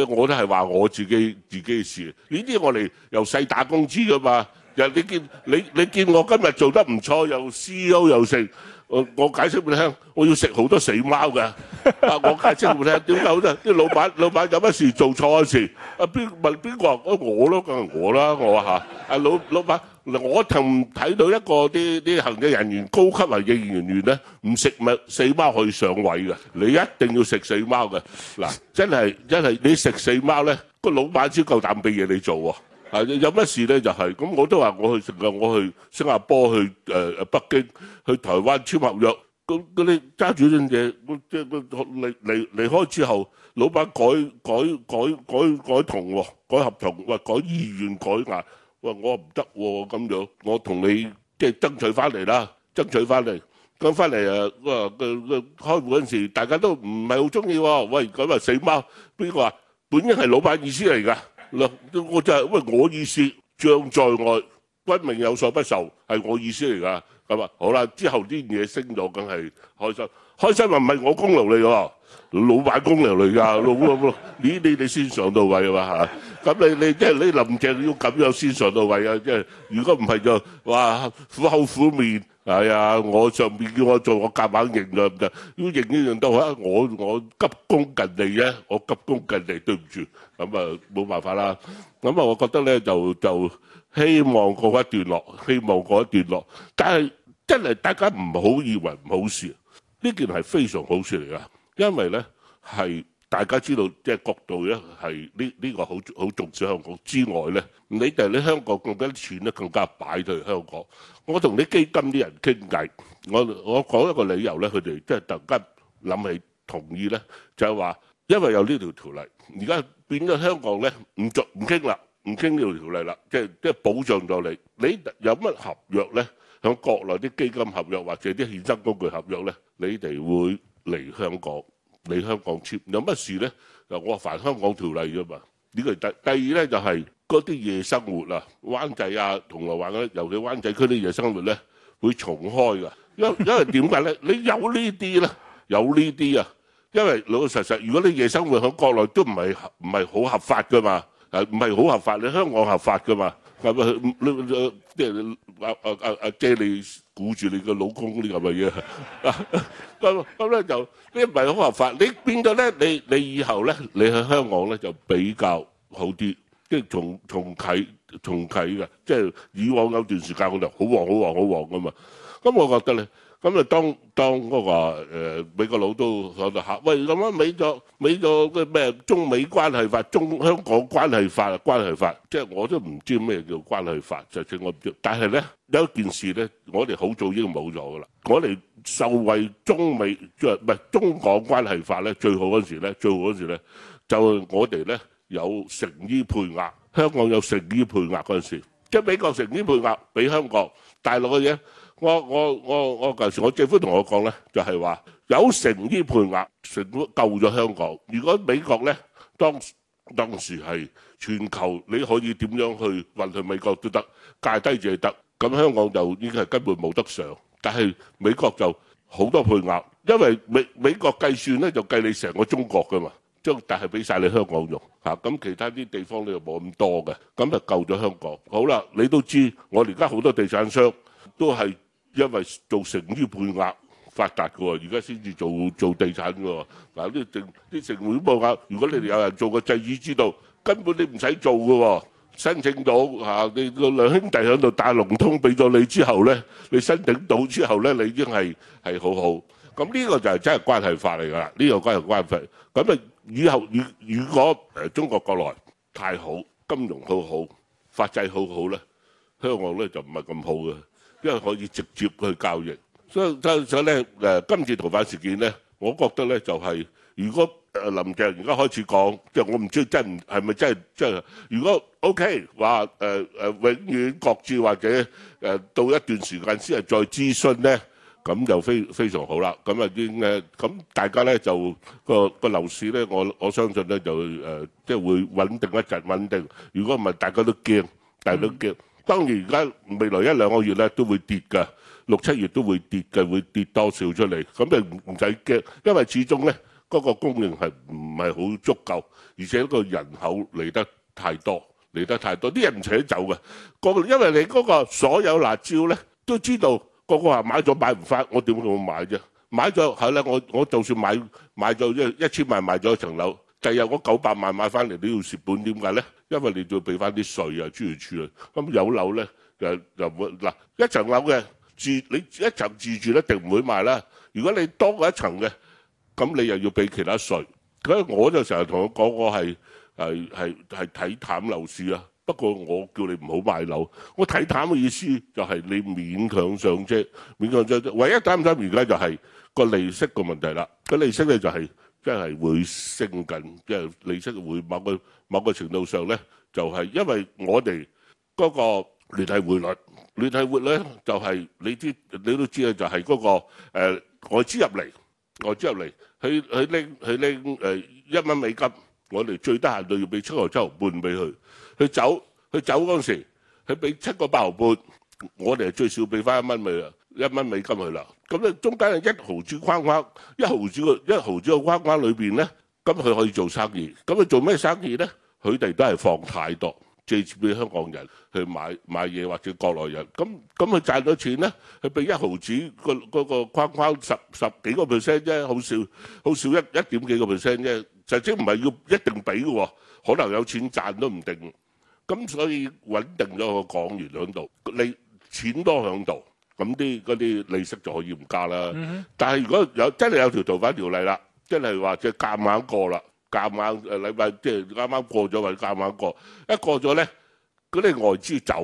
[SPEAKER 3] 我都係話我自己自己事，呢啲我哋由細打工知噶嘛。人你見你你見我今日做得唔錯，又 CEO 又食，我我解釋俾你聽，我要食好多死貓㗎。我解釋俾你聽，點解咧？啲老闆老闆有乜事做錯事？啊邊問邊個？話我咯，梗係我啦，我話吓。啊老老闆，我同睇到一個啲啲行政人員、高級行政人員員咧，唔食咪死貓可以上位㗎。你一定要食死貓㗎。嗱，真係真係你食死貓咧，個老闆先夠膽俾嘢你做喎。有乜事咧？就係、是、咁，我都話我去成日我去新加坡、去誒、呃、北京、去台灣簽合約。咁嗰啲揸住啲嘢，即係離,離開之後，老闆改改改改改同喎、哦，改合同，話、哎、改意願改硬。話、哎、我唔得喎，咁樣我同你即係爭取翻嚟啦，爭取翻嚟。咁翻嚟誒，個、啊、個、啊啊啊啊啊啊、開會嗰陣時，大家都唔係好中意喎。喂，咁咪死貓？邊個啊？本應係老闆意思嚟㗎。嗱，我就係喂，我意思將在外，君命有所不受，係我意思嚟㗎。咁啊，好啦，之後啲嘢升咗，梗係開心。開心話唔係我功勞嚟喎，老闆功勞嚟㗎，老老，你你哋先上到位㗎嘛嚇。咁你你即係你林鄭要咁樣先上到位啊？即係如果唔係就哇苦口苦面。哎啊，我上面叫我做，我夾硬硬認噶。如果認呢樣都好，我我急功近利咧，我急功近利，對唔住，咁啊冇辦法啦。咁、嗯、啊，我覺得咧就就希望過一段落，希望過一段落。但係真係大家唔好以為唔好事，呢件係非常好事嚟噶，因為咧係。大家知道即係角度咧，係呢呢個好好重視香港之外咧，你哋喺香港更加錢咧，更加擺對香港。我同啲基金啲人傾偈，我我講一個理由咧，佢哋即係突然間諗起同意咧，就係話因為有呢條條例，而家變咗香港咧，唔做唔傾啦，唔傾呢條條例啦，即係即係保障咗你。你有乜合約咧？響國內啲基金合約或者啲衍生工具合約咧，你哋會嚟香港，嚟香港簽有乜事咧？嗱我話犯香港條例啫嘛。呢個第第二咧就係嗰啲夜生活啊，灣仔啊、銅鑼灣啊、尤其灣仔區啲夜生活咧會重開噶。因因為點解咧？你有呢啲咧，有呢啲啊。因為老實實，如果你夜生活喺國內都唔係唔係好合法噶嘛，係唔係好合法？你香港合法噶嘛？係咪？即係你啊啊啊啊！即係。估住你個老公嗰啲咁嘅嘢，咁咁咧就，呢唔係好合法。你變咗咧，你你以後咧，你喺香港咧就比較好啲，即係重重啓重啓嘅，即係、就是、以往有段時間嗰度好旺好旺好旺噶嘛，咁我覺得咧。咁啊，當當嗰個誒美國佬都喺度嚇，喂咁樣，美國美國嘅咩中美關係法、中香港關係法、關係法，即係我都唔知咩叫關係法，就算我唔知。但係咧有一件事咧，我哋好早已經冇咗噶啦。我哋受惠中美即係唔係中港關係法咧，最好嗰陣時咧，最好嗰陣時咧就我哋咧有成衣配額，香港有成衣配額嗰陣時，即係美國成衣配額俾香港大陸嘅嘢。我我我我舊時我姐夫同我講咧，就係話有成啲配額，全部救咗香港。如果美國咧，當當時係全球，你可以點樣去運去美國都得，戒低住就得，咁香港就應該係根本冇得上。但係美國就好多配額，因為美美國計算咧就計你成個中國噶嘛，將但係俾曬你香港用嚇，咁其他啲地方你又冇咁多嘅，咁就救咗香港。好啦，你都知我而家好多地產商都係。因為做成於配額發達嘅喎，而家先至做做地產嘅喎。嗱，啲成啲成個配額啊。如果你哋有人做個製衣之道，根本你唔使做嘅喎。申請到嚇，你個兩兄弟喺度大龍通俾咗你之後咧，你申請到之後咧，你已經係係好好。咁呢個就係真係關係法嚟㗎啦。呢個關關係法咁啊，以後如如果誒中國國內太好，金融好好，法制好好咧，香港咧就唔係咁好嘅。因為可以直接去交易，所以所以咧誒，今次逃犯事件咧，我覺得咧就係，如果誒林鄭而家開始講，即係我唔知真唔係咪真係即係，如果 OK 話誒誒，永遠擱置或者誒到一段時間先係再諮詢咧，咁就非非常好啦。咁啊啲誒，咁大家咧就個個樓市咧，我我相信咧就誒，即係會穩定一陣穩定。如果唔係，大家都驚，大家都驚。當然而家未來一兩個月咧都會跌嘅，六七月都會跌嘅，會跌多少出嚟？咁你唔唔使驚，因為始終咧個個供應係唔係好足夠，而且個人口嚟得太多，嚟得太多，啲人唔扯走嘅。個因為你嗰個所有辣招咧都知道，個個話買咗買唔翻，我點會買啫？買咗係啦，我我就算買買咗即係一千萬買咗一層樓，第日嗰九百萬買翻嚟都要蝕本，點解咧？因為你仲要俾翻啲稅啊，諸如此類啊，咁有樓咧，又又唔會嗱一層樓嘅自你一層自住一定唔會賣啦。如果你多過一層嘅，咁你又要俾其他稅。所以我就成日同佢講，我係係係係睇淡樓市啊。不過我叫你唔好賣樓。我睇淡嘅意思就係你勉強上啫，勉強上啫。唯一爭唔爭議咧，就係個利息個問題啦。個利息咧就係。即係會升緊，即係利息會某個某個程度上咧，就係因為我哋嗰個聯繫匯率，聯繫匯率就係你知，你都知嘅，就係嗰個誒外資入嚟，外資入嚟，佢佢拎佢拎誒一蚊美金，我哋最得閒都要俾七毫七毫半俾佢，佢走佢走嗰陣時，佢俾七個八毫半，我哋最少俾翻一蚊美啊！一蚊美金去啦，咁你中間一毫子框框，一毫子個一毫子個框框裏邊咧，咁佢可以做生意。咁佢做咩生意咧？佢哋都係放太多，借錢俾香港人去買買嘢，或者國內人。咁咁佢賺咗錢咧，佢俾一毫子個嗰個框框十十幾個 percent 啫，好少好少一一點幾個 percent 啫。就即唔係要一定俾嘅喎，可能有錢賺都唔定。咁所以穩定咗個港元響度，你錢多響度。咁啲啲利息就可以唔加啦。嗯、哼但係如果有真係有條逃犯條例啦，即係話即係夾硬過啦，夾硬誒、呃、禮拜即係啱啱過咗，或者夾硬過,夾硬過,夾硬過，一過咗咧，嗰啲外資走，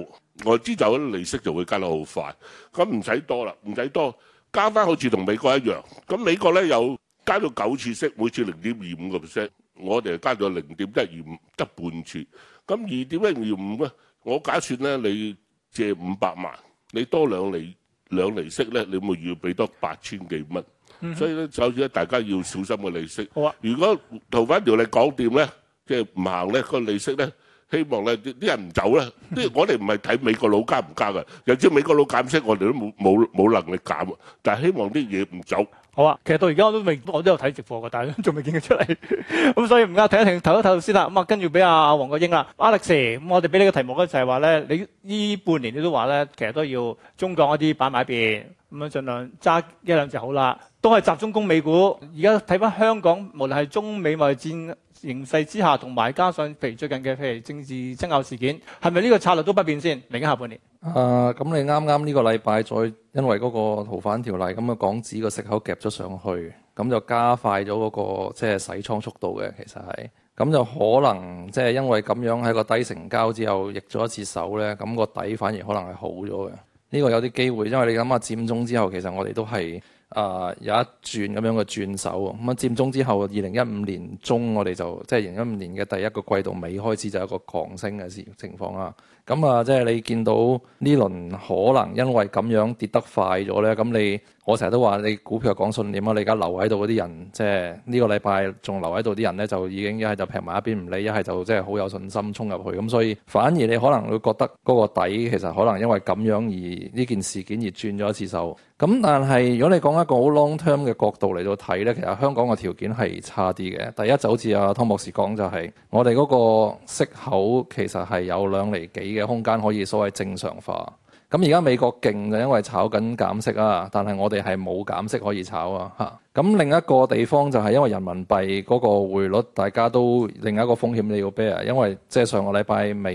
[SPEAKER 3] 外資走，利息就會加到好快。咁唔使多啦，唔使多，加翻好似同美國一樣。咁美國咧有加到九次息，每次零點二五個 percent，我哋加咗零點一二五，得半次。咁二點一二五咧，我假設咧你借五百萬。你多兩厘兩厘息咧，你咪要俾多八千幾蚊，嗯、哼所以咧，首先咧，大家要小心利、啊個利息。好啊，如果逃犯條例講掂咧，即係唔行咧，個利息咧，希望咧啲人唔走咧。即係、嗯、哼我哋唔係睇美國佬加唔加㗎，又知美國佬減息，我哋都冇冇冇能力減喎。但係希望啲嘢唔走。好啊，其實到而家我都未，
[SPEAKER 1] 我都有睇直播嘅，但係都仲未見佢出嚟，咁所以唔啱，停一停，唞一唞先啦。咁啊，跟住俾阿黃國英啦，Alex，咁我哋俾你嘅題目咧就係話呢你依半年你都話呢，其實都要中港嗰啲擺埋一邊，咁啊盡量揸一兩隻好啦。都係集中供美股，而家睇翻香港，無論係中美貿易戰形勢之下，同埋加上譬如最近嘅譬如政治爭拗事件，係咪呢個策略都不變先？明年下半年。
[SPEAKER 4] 啊、呃，咁你啱啱呢個禮拜再因為嗰個逃犯條例咁嘅、這個、港紙個食口夾咗上去，咁就加快咗嗰、那個即係洗倉速度嘅，其實係咁就可能即係、就是、因為咁樣喺個低成交之後逆咗一次手呢，咁個底反而可能係好咗嘅。呢、這個有啲機會，因為你諗下佔中之後，其實我哋都係。啊，有一轉咁樣嘅轉手咁，啊、嗯、佔中之後，二零一五年中，我哋就即係二零一五年嘅第一個季度尾開始就有一個強升嘅情況啦。咁啊，即係你見到呢輪可能因為咁樣跌得快咗呢。咁你我成日都話你股票講信念啊！你而家留喺度嗰啲人，即係呢個禮拜仲留喺度啲人呢，就已經一係就平埋一邊唔理，一係就即係好有信心衝入去。咁所以反而你可能會覺得嗰個底其實可能因為咁樣而呢件事件而轉咗一次手。咁但係如果你講一個好 long term 嘅角度嚟到睇呢，其實香港嘅條件係差啲嘅。第一就好似阿湯博士講就係、是，我哋嗰個息口其實係有兩厘幾。嘅空間可以所謂正常化，咁而家美國勁就因為炒緊減息啊，但係我哋係冇減息可以炒啊，嚇、嗯。咁另一個地方就係因為人民幣嗰個匯率，大家都另一個風險你要 bear，因為即係上個禮拜美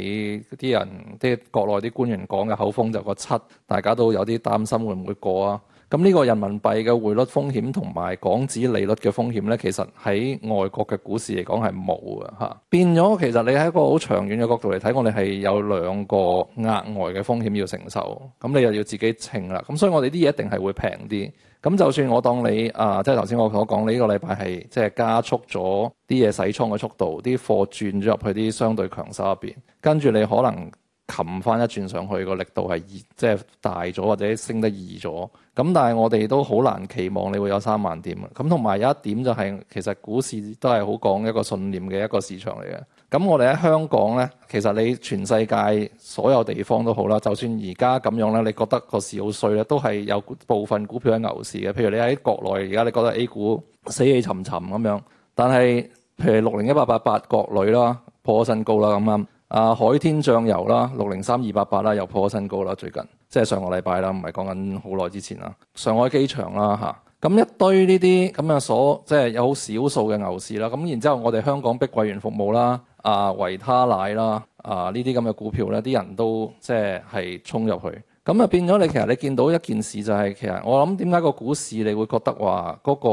[SPEAKER 4] 啲人啲國內啲官員講嘅口風就個七，大家都有啲擔心會唔會過啊。咁呢個人民幣嘅匯率風險同埋港紙利率嘅風險咧，其實喺外國嘅股市嚟講係冇嘅吓，變咗其實你喺一個好長遠嘅角度嚟睇，我哋係有兩個額外嘅風險要承受，咁你又要自己稱啦。咁所以我哋啲嘢一定係會平啲。咁就算我當你啊，即係頭先我所講，你呢個禮拜係即係加速咗啲嘢洗倉嘅速度，啲貨轉咗入去啲相對強勢入面。跟住你可能。擒翻一轉上去個力度係二，即係大咗或者升得易咗。咁但係我哋都好難期望你會有三萬點啊。咁同埋有一點就係、是，其實股市都係好講一個信念嘅一個市場嚟嘅。咁我哋喺香港咧，其實你全世界所有地方都好啦。就算而家咁樣咧，你覺得個市好衰咧，都係有部分股票喺牛市嘅。譬如你喺國內而家，你覺得 A 股死氣沉沉咁樣，樣，但係譬如六零一八八八國旅啦，破新高啦咁樣。啊！海天醬油啦，六零三二八八啦，又破咗新高啦。最近即係上個禮拜啦，唔係講緊好耐之前啦。上海機場啦，嚇咁一堆呢啲咁嘅所，即係有好少數嘅牛市啦。咁然之後，我哋香港碧桂園服務啦，啊維他奶啦，啊呢啲咁嘅股票咧，啲人都即係係衝入去咁啊，就變咗你其實你見到一件事，就係其實我諗點解個股市你會覺得話嗰個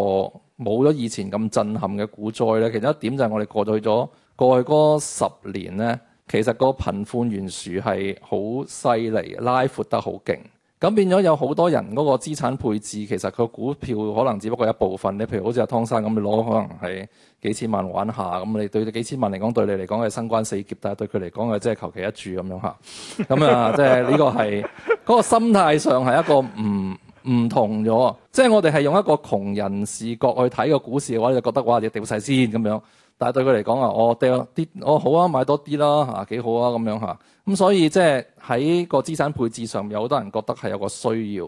[SPEAKER 4] 冇咗以前咁震撼嘅股災咧？其實一點就係我哋過去咗過去嗰十年咧。其實個貧富懸殊係好犀利，拉闊得好勁，咁變咗有好多人嗰個資產配置，其實個股票可能只不過一部分。你譬如好似阿湯生咁，你攞可能係幾千萬玩下，咁你對幾千萬嚟講，對你嚟講係生關死劫，但係對佢嚟講係即係求其一注咁樣嚇。咁啊，即係呢個係嗰個心態上係一個唔唔同咗。即係我哋係用一個窮人視角去睇個股市嘅話，就覺得哇，要跌先咁樣。但對佢嚟講啊，我跌啲，我、哦、好啊，買多啲啦，幾、啊、好啊，咁樣咁、嗯、所以即係喺個資產配置上，有好多人覺得係有個需要，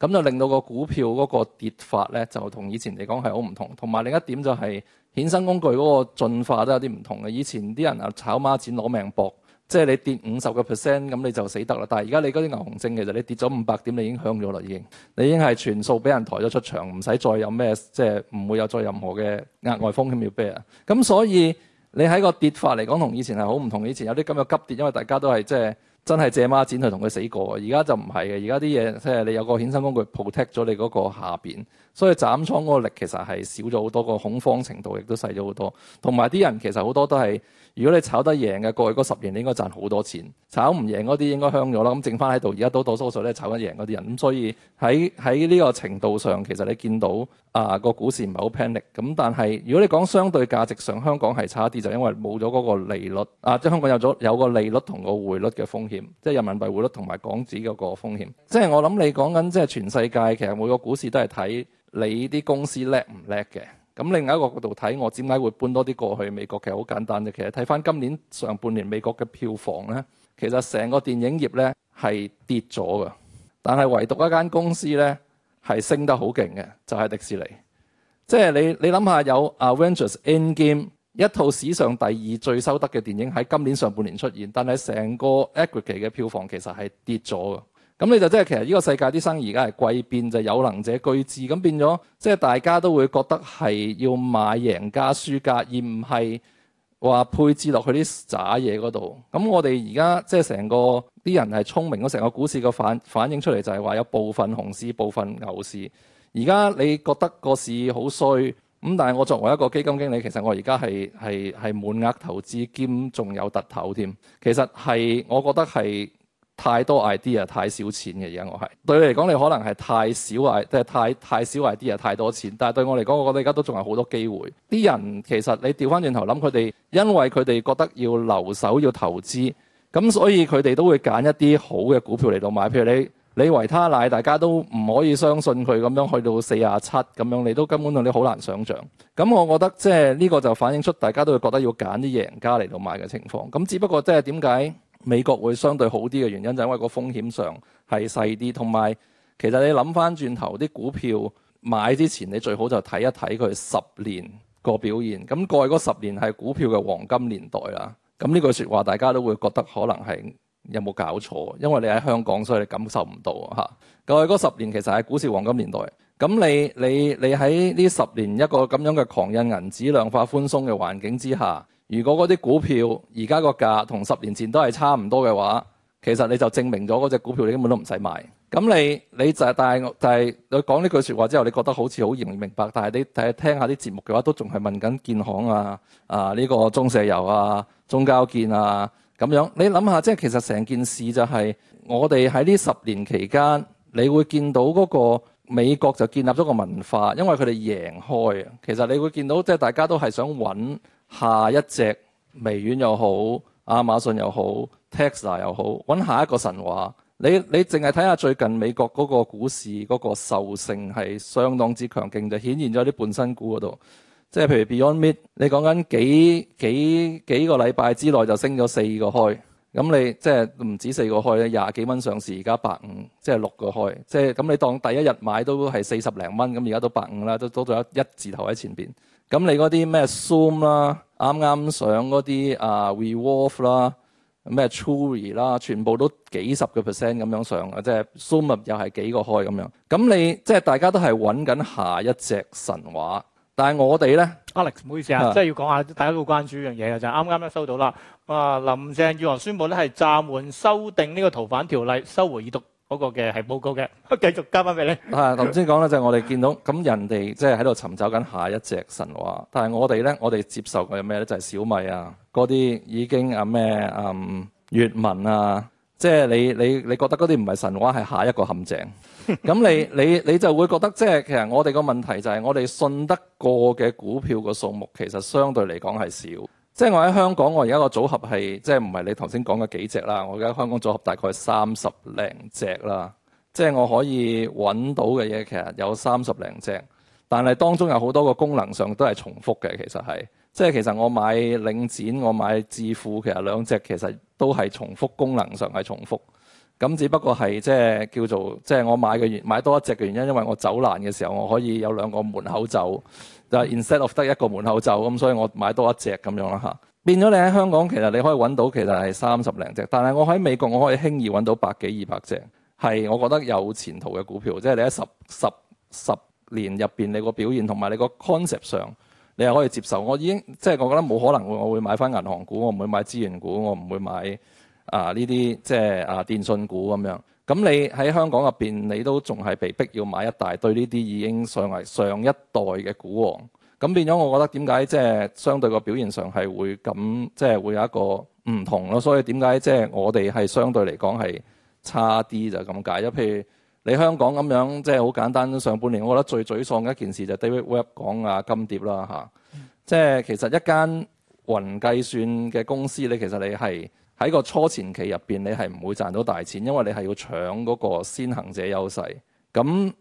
[SPEAKER 4] 咁就令到個股票嗰個跌法咧，就同以前嚟講係好唔同。同埋另一點就係、是、衍生工具嗰個進化都有啲唔同嘅。以前啲人啊，炒孖展攞命博。即係你跌五十個 percent，咁你就死得啦。但係而家你嗰啲牛熊證，其實你跌咗五百點你已經了，你已經響咗啦，已經。你已經係全數俾人抬咗出場，唔使再有咩，即係唔會有再有任何嘅額外風險要 bear。咁所以你喺個跌法嚟講，同以前係好唔同。以前有啲咁嘅急跌，因為大家都係即係真係借孖展去同佢死過。而家就唔係嘅，而家啲嘢即係你有個衍生工具 protect 咗你嗰個下邊，所以斬倉嗰個力其實係少咗好多，個恐慌程度亦都細咗好多。同埋啲人其實好多都係。如果你炒得贏嘅過去嗰十年，你應該賺好多錢。炒唔贏嗰啲應該香咗啦，咁剩翻喺度。而家都多數、多數咧炒緊贏嗰啲人，咁所以喺喺呢個程度上，其實你見到啊個股市唔係好 panic。咁但係如果你講相對價值上，香港係差啲，就因為冇咗嗰個利率啊，即係香港有咗有個利率同個匯率嘅風險，即係人民幣匯率同埋港紙嗰個風險。即係我諗你講緊即係全世界，其實每個股市都係睇你啲公司叻唔叻嘅。咁另一個角度睇，我點解會搬多啲過去美國其？其實好簡單嘅。其實睇翻今年上半年美國嘅票房咧，其實成個電影業咧係跌咗噶，但係唯獨一間公司咧係升得好勁嘅，就係迪士尼。即係你你諗下，有《Avengers: Endgame》一套史上第二最收得嘅電影喺今年上半年出現，但係成個 Agri 嘅票房其實係跌咗㗎。咁你就即係其實呢個世界啲生意而家係貴變就係有能者居之，咁變咗即係大家都會覺得係要買贏家輸家，而唔係話配置落去啲渣嘢嗰度。咁我哋而家即係成個啲人係聰明，成個股市個反反映出嚟就係話有部分熊市、部分牛市。而家你覺得個市好衰咁，但係我作為一個基金經理，其實我而家係係係滿額投資兼仲有突頭添。其實係我覺得係。太多 idea 太少錢嘅，而家我係對你嚟講，你可能係太少 idea，太太少 idea 太多錢，但係對我嚟講，我覺得而家都仲有好多機會。啲人其實你調翻轉頭諗，佢哋因為佢哋覺得要留守、要投資，咁所以佢哋都會揀一啲好嘅股票嚟到買。譬如你你維他奶，大家都唔可以相信佢咁樣去到四呀七咁樣，你都根本你好難想象。咁我覺得即係呢個就反映出大家都會覺得要揀啲贏家嚟到買嘅情況。咁只不過即係點解？美國會相對好啲嘅原因就係因為個風險上係細啲，同埋其實你諗翻轉頭啲股票買之前，你最好就睇一睇佢十年個表現。咁過去嗰十年係股票嘅黃金年代啦。咁呢句説話大家都會覺得可能係有冇搞錯？因為你喺香港，所以你感受唔到啊嚇。過去嗰十年其實係股市黃金年代。咁你你你喺呢十年一個咁樣嘅狂印銀紙、量化寬鬆嘅環境之下。如果嗰啲股票而家個價同十年前都係差唔多嘅話，其實你就證明咗嗰隻股票你根本都唔使買，咁你你就但係就係你講呢句說話之後，你覺得好似好容易明白，但係你睇下聽下啲節目嘅話都仲係問緊建行啊、啊呢個中石油啊、中交建啊咁樣，你諗下，即係其實成件事就係我哋喺呢十年期間你會見到嗰個美國就建立咗個文化，因為佢哋贏開啊。其實你會見到即係大家都係想揾。下一隻微軟又好，亞馬遜又好，Tesla 又好，揾下一個神話。你你淨係睇下最近美國嗰個股市嗰個獸性係相當之強勁，就顯現咗啲半新股嗰度。即係譬如 Beyond Meat，你講緊幾幾幾個禮拜之內就升咗四個開。咁你即係唔止四個開咧，廿幾蚊上市，而家百五，即係六個開。即係咁，你當第一日買都係四十零蚊，咁而家都百五啦，都多咗一一字頭喺前邊。咁你嗰啲咩 Zoom 啦，啱啱上嗰啲啊 Revolve 啦，咩 True 啦，全部都幾十個 percent 咁樣上，即係、就是、Zoom 又係幾個開咁樣。咁你即係、就是、大家都係揾緊下一隻神話，但係我哋咧
[SPEAKER 1] ，Alex 唔好意思啊，即係是要講下大家都關注一樣嘢嘅，就係啱啱一收到啦，啊林鄭月娥宣布咧係暫緩修訂呢個逃犯條例，收回二讀。嗰個嘅係報告嘅，繼續加翻俾你。啊，頭先
[SPEAKER 4] 講咧就係我哋見到咁人哋即係喺度尋找緊下一隻神話，但係我哋咧，我哋接受嘅係咩咧？就係小米啊，嗰啲已經啊咩啊閱文啊，即係你你你覺得嗰啲唔係神話，係下一個陷阱。咁你你你就會覺得即係其實我哋個問題就係我哋信得過嘅股票嘅數目其實相對嚟講係少。即係我喺香港，我而家個組合係即係唔係你頭先講嘅幾隻啦。我而家香港組合大概三十零隻啦。即係我可以揾到嘅嘢，其實有三十零隻，但係當中有好多個功能上都係重複嘅。其實係即係其實我買領展、我買智庫，其實兩隻其實都係重複，功能上係重複。咁只不過係即係叫做即係我買嘅原買多一隻嘅原因，因為我走難嘅時候我可以有兩個門口走。就係 instead of 得一個門口就咁，所以我買多一隻咁樣啦嚇。變咗你喺香港，其實你可以揾到其實係三十零隻，但係我喺美國我可以輕易揾到百幾二百隻，係我覺得有前途嘅股票。即係你喺十十十年入邊，你個表現同埋你個 concept 上，你係可以接受。我已經即係我覺得冇可能，我會買翻銀行股，我唔會買資源股，我唔會買啊呢啲即係啊電信股咁樣。咁你喺香港入面，你都仲係被逼要買一大堆呢啲已經上嚟上一代嘅股王。咁變咗，我覺得點解即係相對個表現上係會咁，即係會有一個唔同咯。所以點解即係我哋係相對嚟講係差啲就咁解。一譬如你香港咁樣，即係好簡單，上半年我覺得最沮喪嘅一件事就 David Webb 講啊金蝶啦吓，即係其實一間雲計算嘅公司，你其實你係。喺個初前期入邊，你係唔會賺到大錢，因為你係要搶嗰個先行者優勢。咁呢、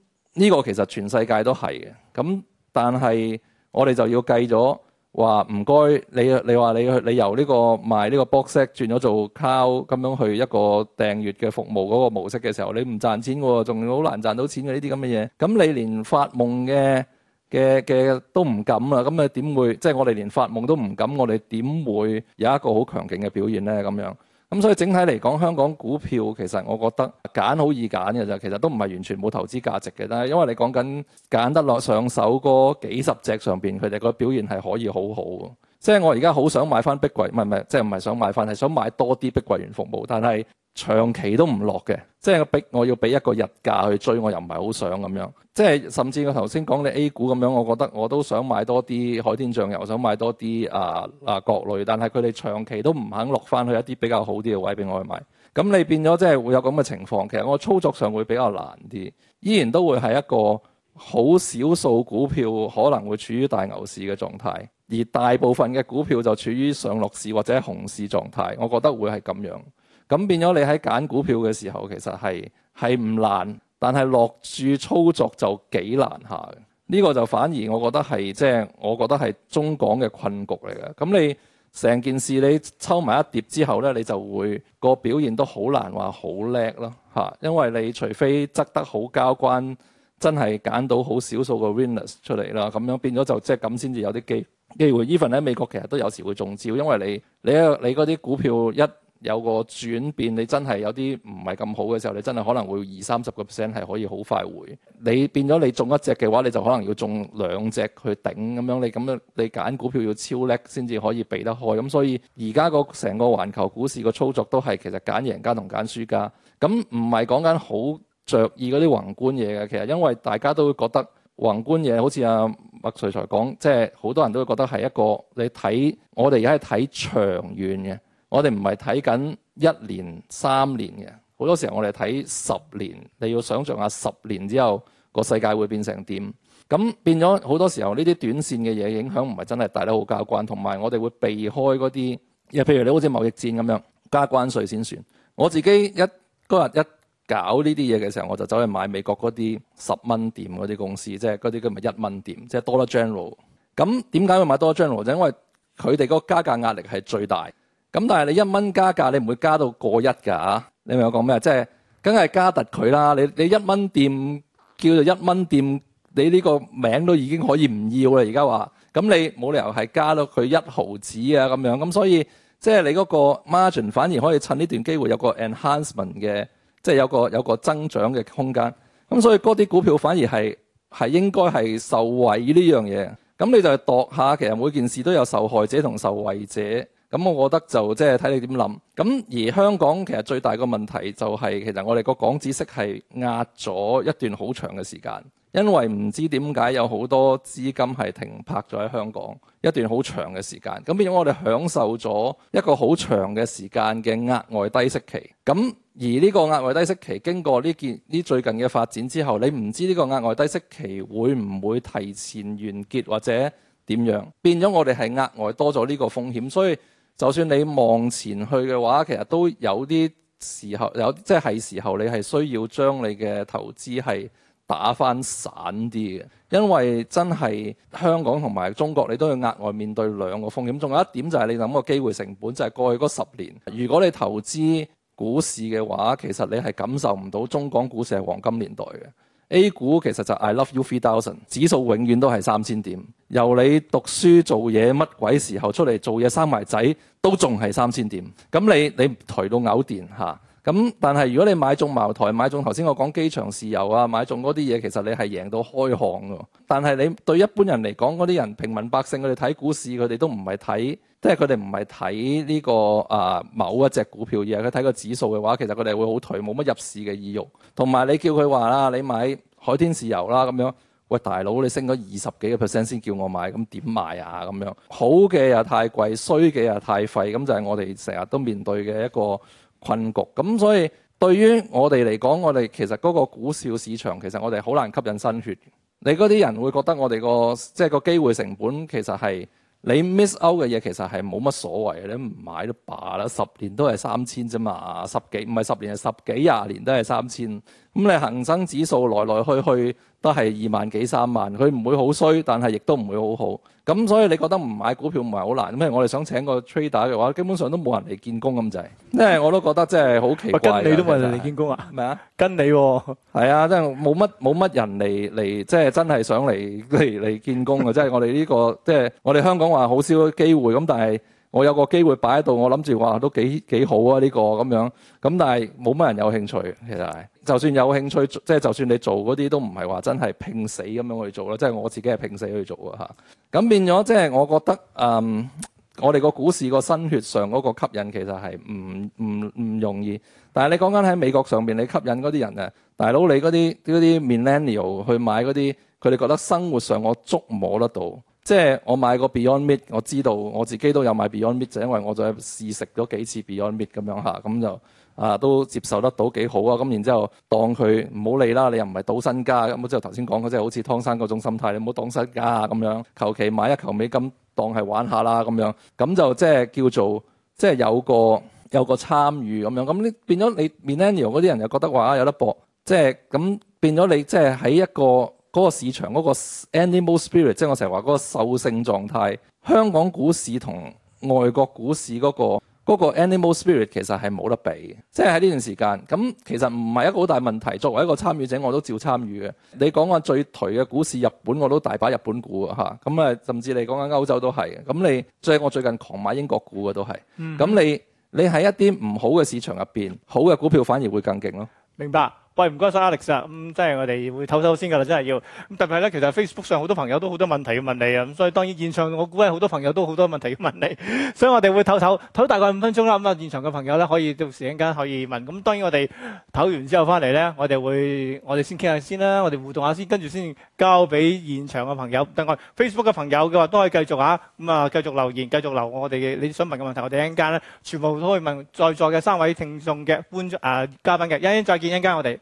[SPEAKER 4] 這個其實全世界都係嘅。咁但係我哋就要計咗話唔該，你說你話你去你由呢個賣呢個 box s e t 轉咗做 cow 咁樣去一個訂月嘅服務嗰個模式嘅時候，你唔賺錢喎，仲好難賺到錢嘅呢啲咁嘅嘢。咁你連發夢嘅～嘅嘅都唔敢啦，咁啊點會？即係我哋連發夢都唔敢，我哋點會有一個好強勁嘅表現咧？咁樣咁所以整體嚟講，香港股票其實我覺得揀好易揀嘅就其實都唔係完全冇投資價值嘅，但係因為你講緊揀得落上手嗰幾十隻上邊，佢哋個表現係可以好好。即係我而家好想買返碧桂，唔係唔係，即係唔係想買返，係想買多啲碧桂園服務，但係。長期都唔落嘅，即係逼我要俾一個日價去追，我又唔係好想咁樣。即係甚至我頭先講你 A 股咁樣，我覺得我都想買多啲海天醬油，想買多啲啊啊國旅，但係佢哋長期都唔肯落翻去一啲比較好啲嘅位俾我去買。咁你變咗即係會有咁嘅情況，其實我操作上會比較難啲。依然都會係一個好少數股票可能會處於大牛市嘅狀態，而大部分嘅股票就處於上落市或者熊市狀態。我覺得會係咁樣。咁變咗你喺揀股票嘅時候，其實係係唔難，但係落注操作就幾難下呢、呢個就反而我覺得係即係，就是、我覺得係中港嘅困局嚟嘅。咁你成件事你抽埋一碟之後咧，你就會、個表現都好難話好叻咯嚇，因為你除非執得好交關，真係揀到好少數個 winners 出嚟啦。咁樣變咗就即係咁先至有啲機機會。even 喺美國其實都有時會中招，因為你你你嗰啲股票一有個轉變，你真係有啲唔係咁好嘅時候，你真係可能會二三十個 percent 係可以好快回。你變咗你中一隻嘅話，你就可能要中兩隻去頂咁樣。你咁樣你揀股票要超叻先至可以避得開。咁所以而家個成個環球股市個操作都係其實揀贏家同揀輸家。咁唔係講緊好著意嗰啲宏觀嘢嘅，其實因為大家都會覺得宏觀嘢好似阿麥萃才講，即係好多人都會覺得係一個你睇我哋而家係睇長遠嘅。我哋唔係睇緊一年、三年嘅，好多時候，我哋睇十年。你要想像下十年之後個世界會變成點。咁變咗好多時候呢啲短線嘅嘢影響，唔係真係大得好交關。同埋我哋會避開嗰啲，譬如你好似貿易戰咁樣加關稅先算。我自己一嗰日一搞呢啲嘢嘅時候，我就走去買美國嗰啲十蚊店嗰啲公司，即係嗰啲咁，咪一蚊店，即係 Dollar General。咁點解會買 Dollar General？就因為佢哋嗰個加價壓力係最大。咁但係你一蚊加價，你唔會加到過一㗎嚇。你明我講咩？即係梗係加突佢啦。你你一蚊店叫做一蚊店，你呢個名都已經可以唔要啦。而家話咁你冇理由係加到佢一毫子啊咁樣咁，所以即係你嗰個 margin 反而可以趁呢段機會有個 enhancement 嘅，即係有個有個增長嘅空間。咁所以嗰啲股票反而係係應該係受惠呢樣嘢。咁你就係度下，其實每件事都有受害者同受惠者。咁我覺得就即係睇你點諗。咁而香港其實最大個問題就係，其實我哋個港紙息係壓咗一段好長嘅時間，因為唔知點解有好多資金係停泊咗喺香港一段好長嘅時間。咁變咗我哋享受咗一個好長嘅時間嘅額外低息期。咁而呢個額外低息期經過呢件呢最近嘅發展之後，你唔知呢個額外低息期會唔會提前完結或者點樣，變咗我哋係額外多咗呢個風險。所以就算你望前去嘅話，其實都有啲時候有即係時候，有即係、係時候你係需要將你嘅投資係打翻散啲嘅，因為真係香港同埋中國你都要額外面對兩個風險，仲有一點就係你諗個機會成本，就係、係、過去嗰十年，如果你投資股市嘅話，其實你係感受唔到中港股市係黃金年代嘅。A 股其實就 I love you three thousand，指數永遠都係三千點。由你讀書做嘢乜鬼時候出嚟做嘢生埋仔都仲係三千點。咁你你抬到嘔電嚇。啊咁，但係如果你買中茅台、買中頭先我講機場豉油啊，買中嗰啲嘢，其實你係贏到開巷㗎。但係你對一般人嚟講，嗰啲人平民百姓，佢哋睇股市，佢哋都唔係睇，即係佢哋唔係睇呢個啊某一隻股票，而係佢睇個指數嘅話，其實佢哋會好頹，冇乜入市嘅意欲。同埋你叫佢話啦，你買海天豉油啦咁樣，喂大佬，你升咗二十幾個 percent 先叫我買，咁點買啊？咁樣好嘅又太貴，衰嘅又太廢，咁就係我哋成日都面對嘅一個。困局咁，所以對於我哋嚟講，我哋其實嗰個股票市場其實我哋好難吸引新血。你嗰啲人會覺得我哋個即係個機會成本其實係你 miss out 嘅嘢，其實係冇乜所謂，你唔買都罷啦。十年都係三千啫嘛，十幾唔係十年係十幾廿年都係三千。咁你恒生指數來來去去都係二萬幾三萬，佢唔會好衰，但係亦都唔會好好咁。所以你覺得唔買股票唔係好難咁？我哋想請個 trader 嘅話，基本上都冇人嚟見工咁 就係，因為我都覺得即係好奇怪。我跟你都冇人嚟見
[SPEAKER 1] 工啊？咪啊？跟你
[SPEAKER 4] 係、哦、啊，即係冇乜冇乜人嚟嚟，即係真係想嚟嚟嚟見工啊！即係 我哋呢、這個即係、就是、我哋香港話好少機會咁，但係。我有個機會擺喺度，我諗住話都幾幾好啊，呢個咁樣，咁但係冇乜人有興趣其實係。就算有興趣，即係就算你做嗰啲都唔係話真係拼死咁樣去做啦，即係我自己係拼死去做啊嚇。咁變咗即係我覺得，嗯，我哋個股市個心血上嗰個吸引其實係唔唔唔容易。但係你講緊喺美國上面，你吸引嗰啲人啊，大佬你嗰啲嗰啲 millennial 去買嗰啲，佢哋覺得生活上我捉摸得到。即係我買個 Beyond Meat 我知道我自己都有買 Beyond Meat 就因為我就試食咗幾次 Beyond Meat 咁樣嚇，咁就啊都接受得到幾好啊。咁然之後當佢唔好理啦，你又唔係賭身家，咁之後頭先講嗰即係好似湯生嗰種心態，你唔好賭身家啊咁樣，求其買一球美金咁當係玩下啦咁樣，咁就即係叫做即係有個有個參與咁樣。咁你變咗你 millionaire 嗰啲人又覺得話有得搏，即係咁變咗你即係喺一個。嗰個市場嗰個 animal spirit，即係我成日話嗰個獸性狀態，香港股市同外國股市嗰個嗰個 animal spirit 其實係冇得比。即係喺呢段時間，咁其實唔係一個好大問題。作為一個參與者，我都照參與嘅。你講緊最頹嘅股市，日本我都大把日本股啊嚇，咁啊，甚至你講緊歐洲都係。咁你最我最近狂買英國股嘅都係。咁、嗯、你你喺一啲唔好嘅市場入邊，好嘅股票反而會更勁咯。
[SPEAKER 1] 明白。喂，唔該曬 Alex 啊，咁即係我哋會唞唞先㗎啦，真係要。咁特別係咧，其實 Facebook 上好多朋友都好多問題要問你啊，咁所以當然現場我估係好多朋友都好多問題要問你，所以我哋會唞唞，唞大概五分鐘啦。咁啊，現場嘅朋友咧，可以到時一間可以問。咁當然我哋唞完之後翻嚟咧，我哋會我哋先傾下先啦，我哋互動下先，跟住先交俾現場嘅朋友。另外 Facebook 嘅朋友嘅話，都可以繼續嚇，咁啊繼續留言，繼續留我哋嘅你想問嘅問題。我哋一間咧全部都可以問在座嘅三位聽眾嘅觀啊嘉賓嘅。一間再見，一間我哋。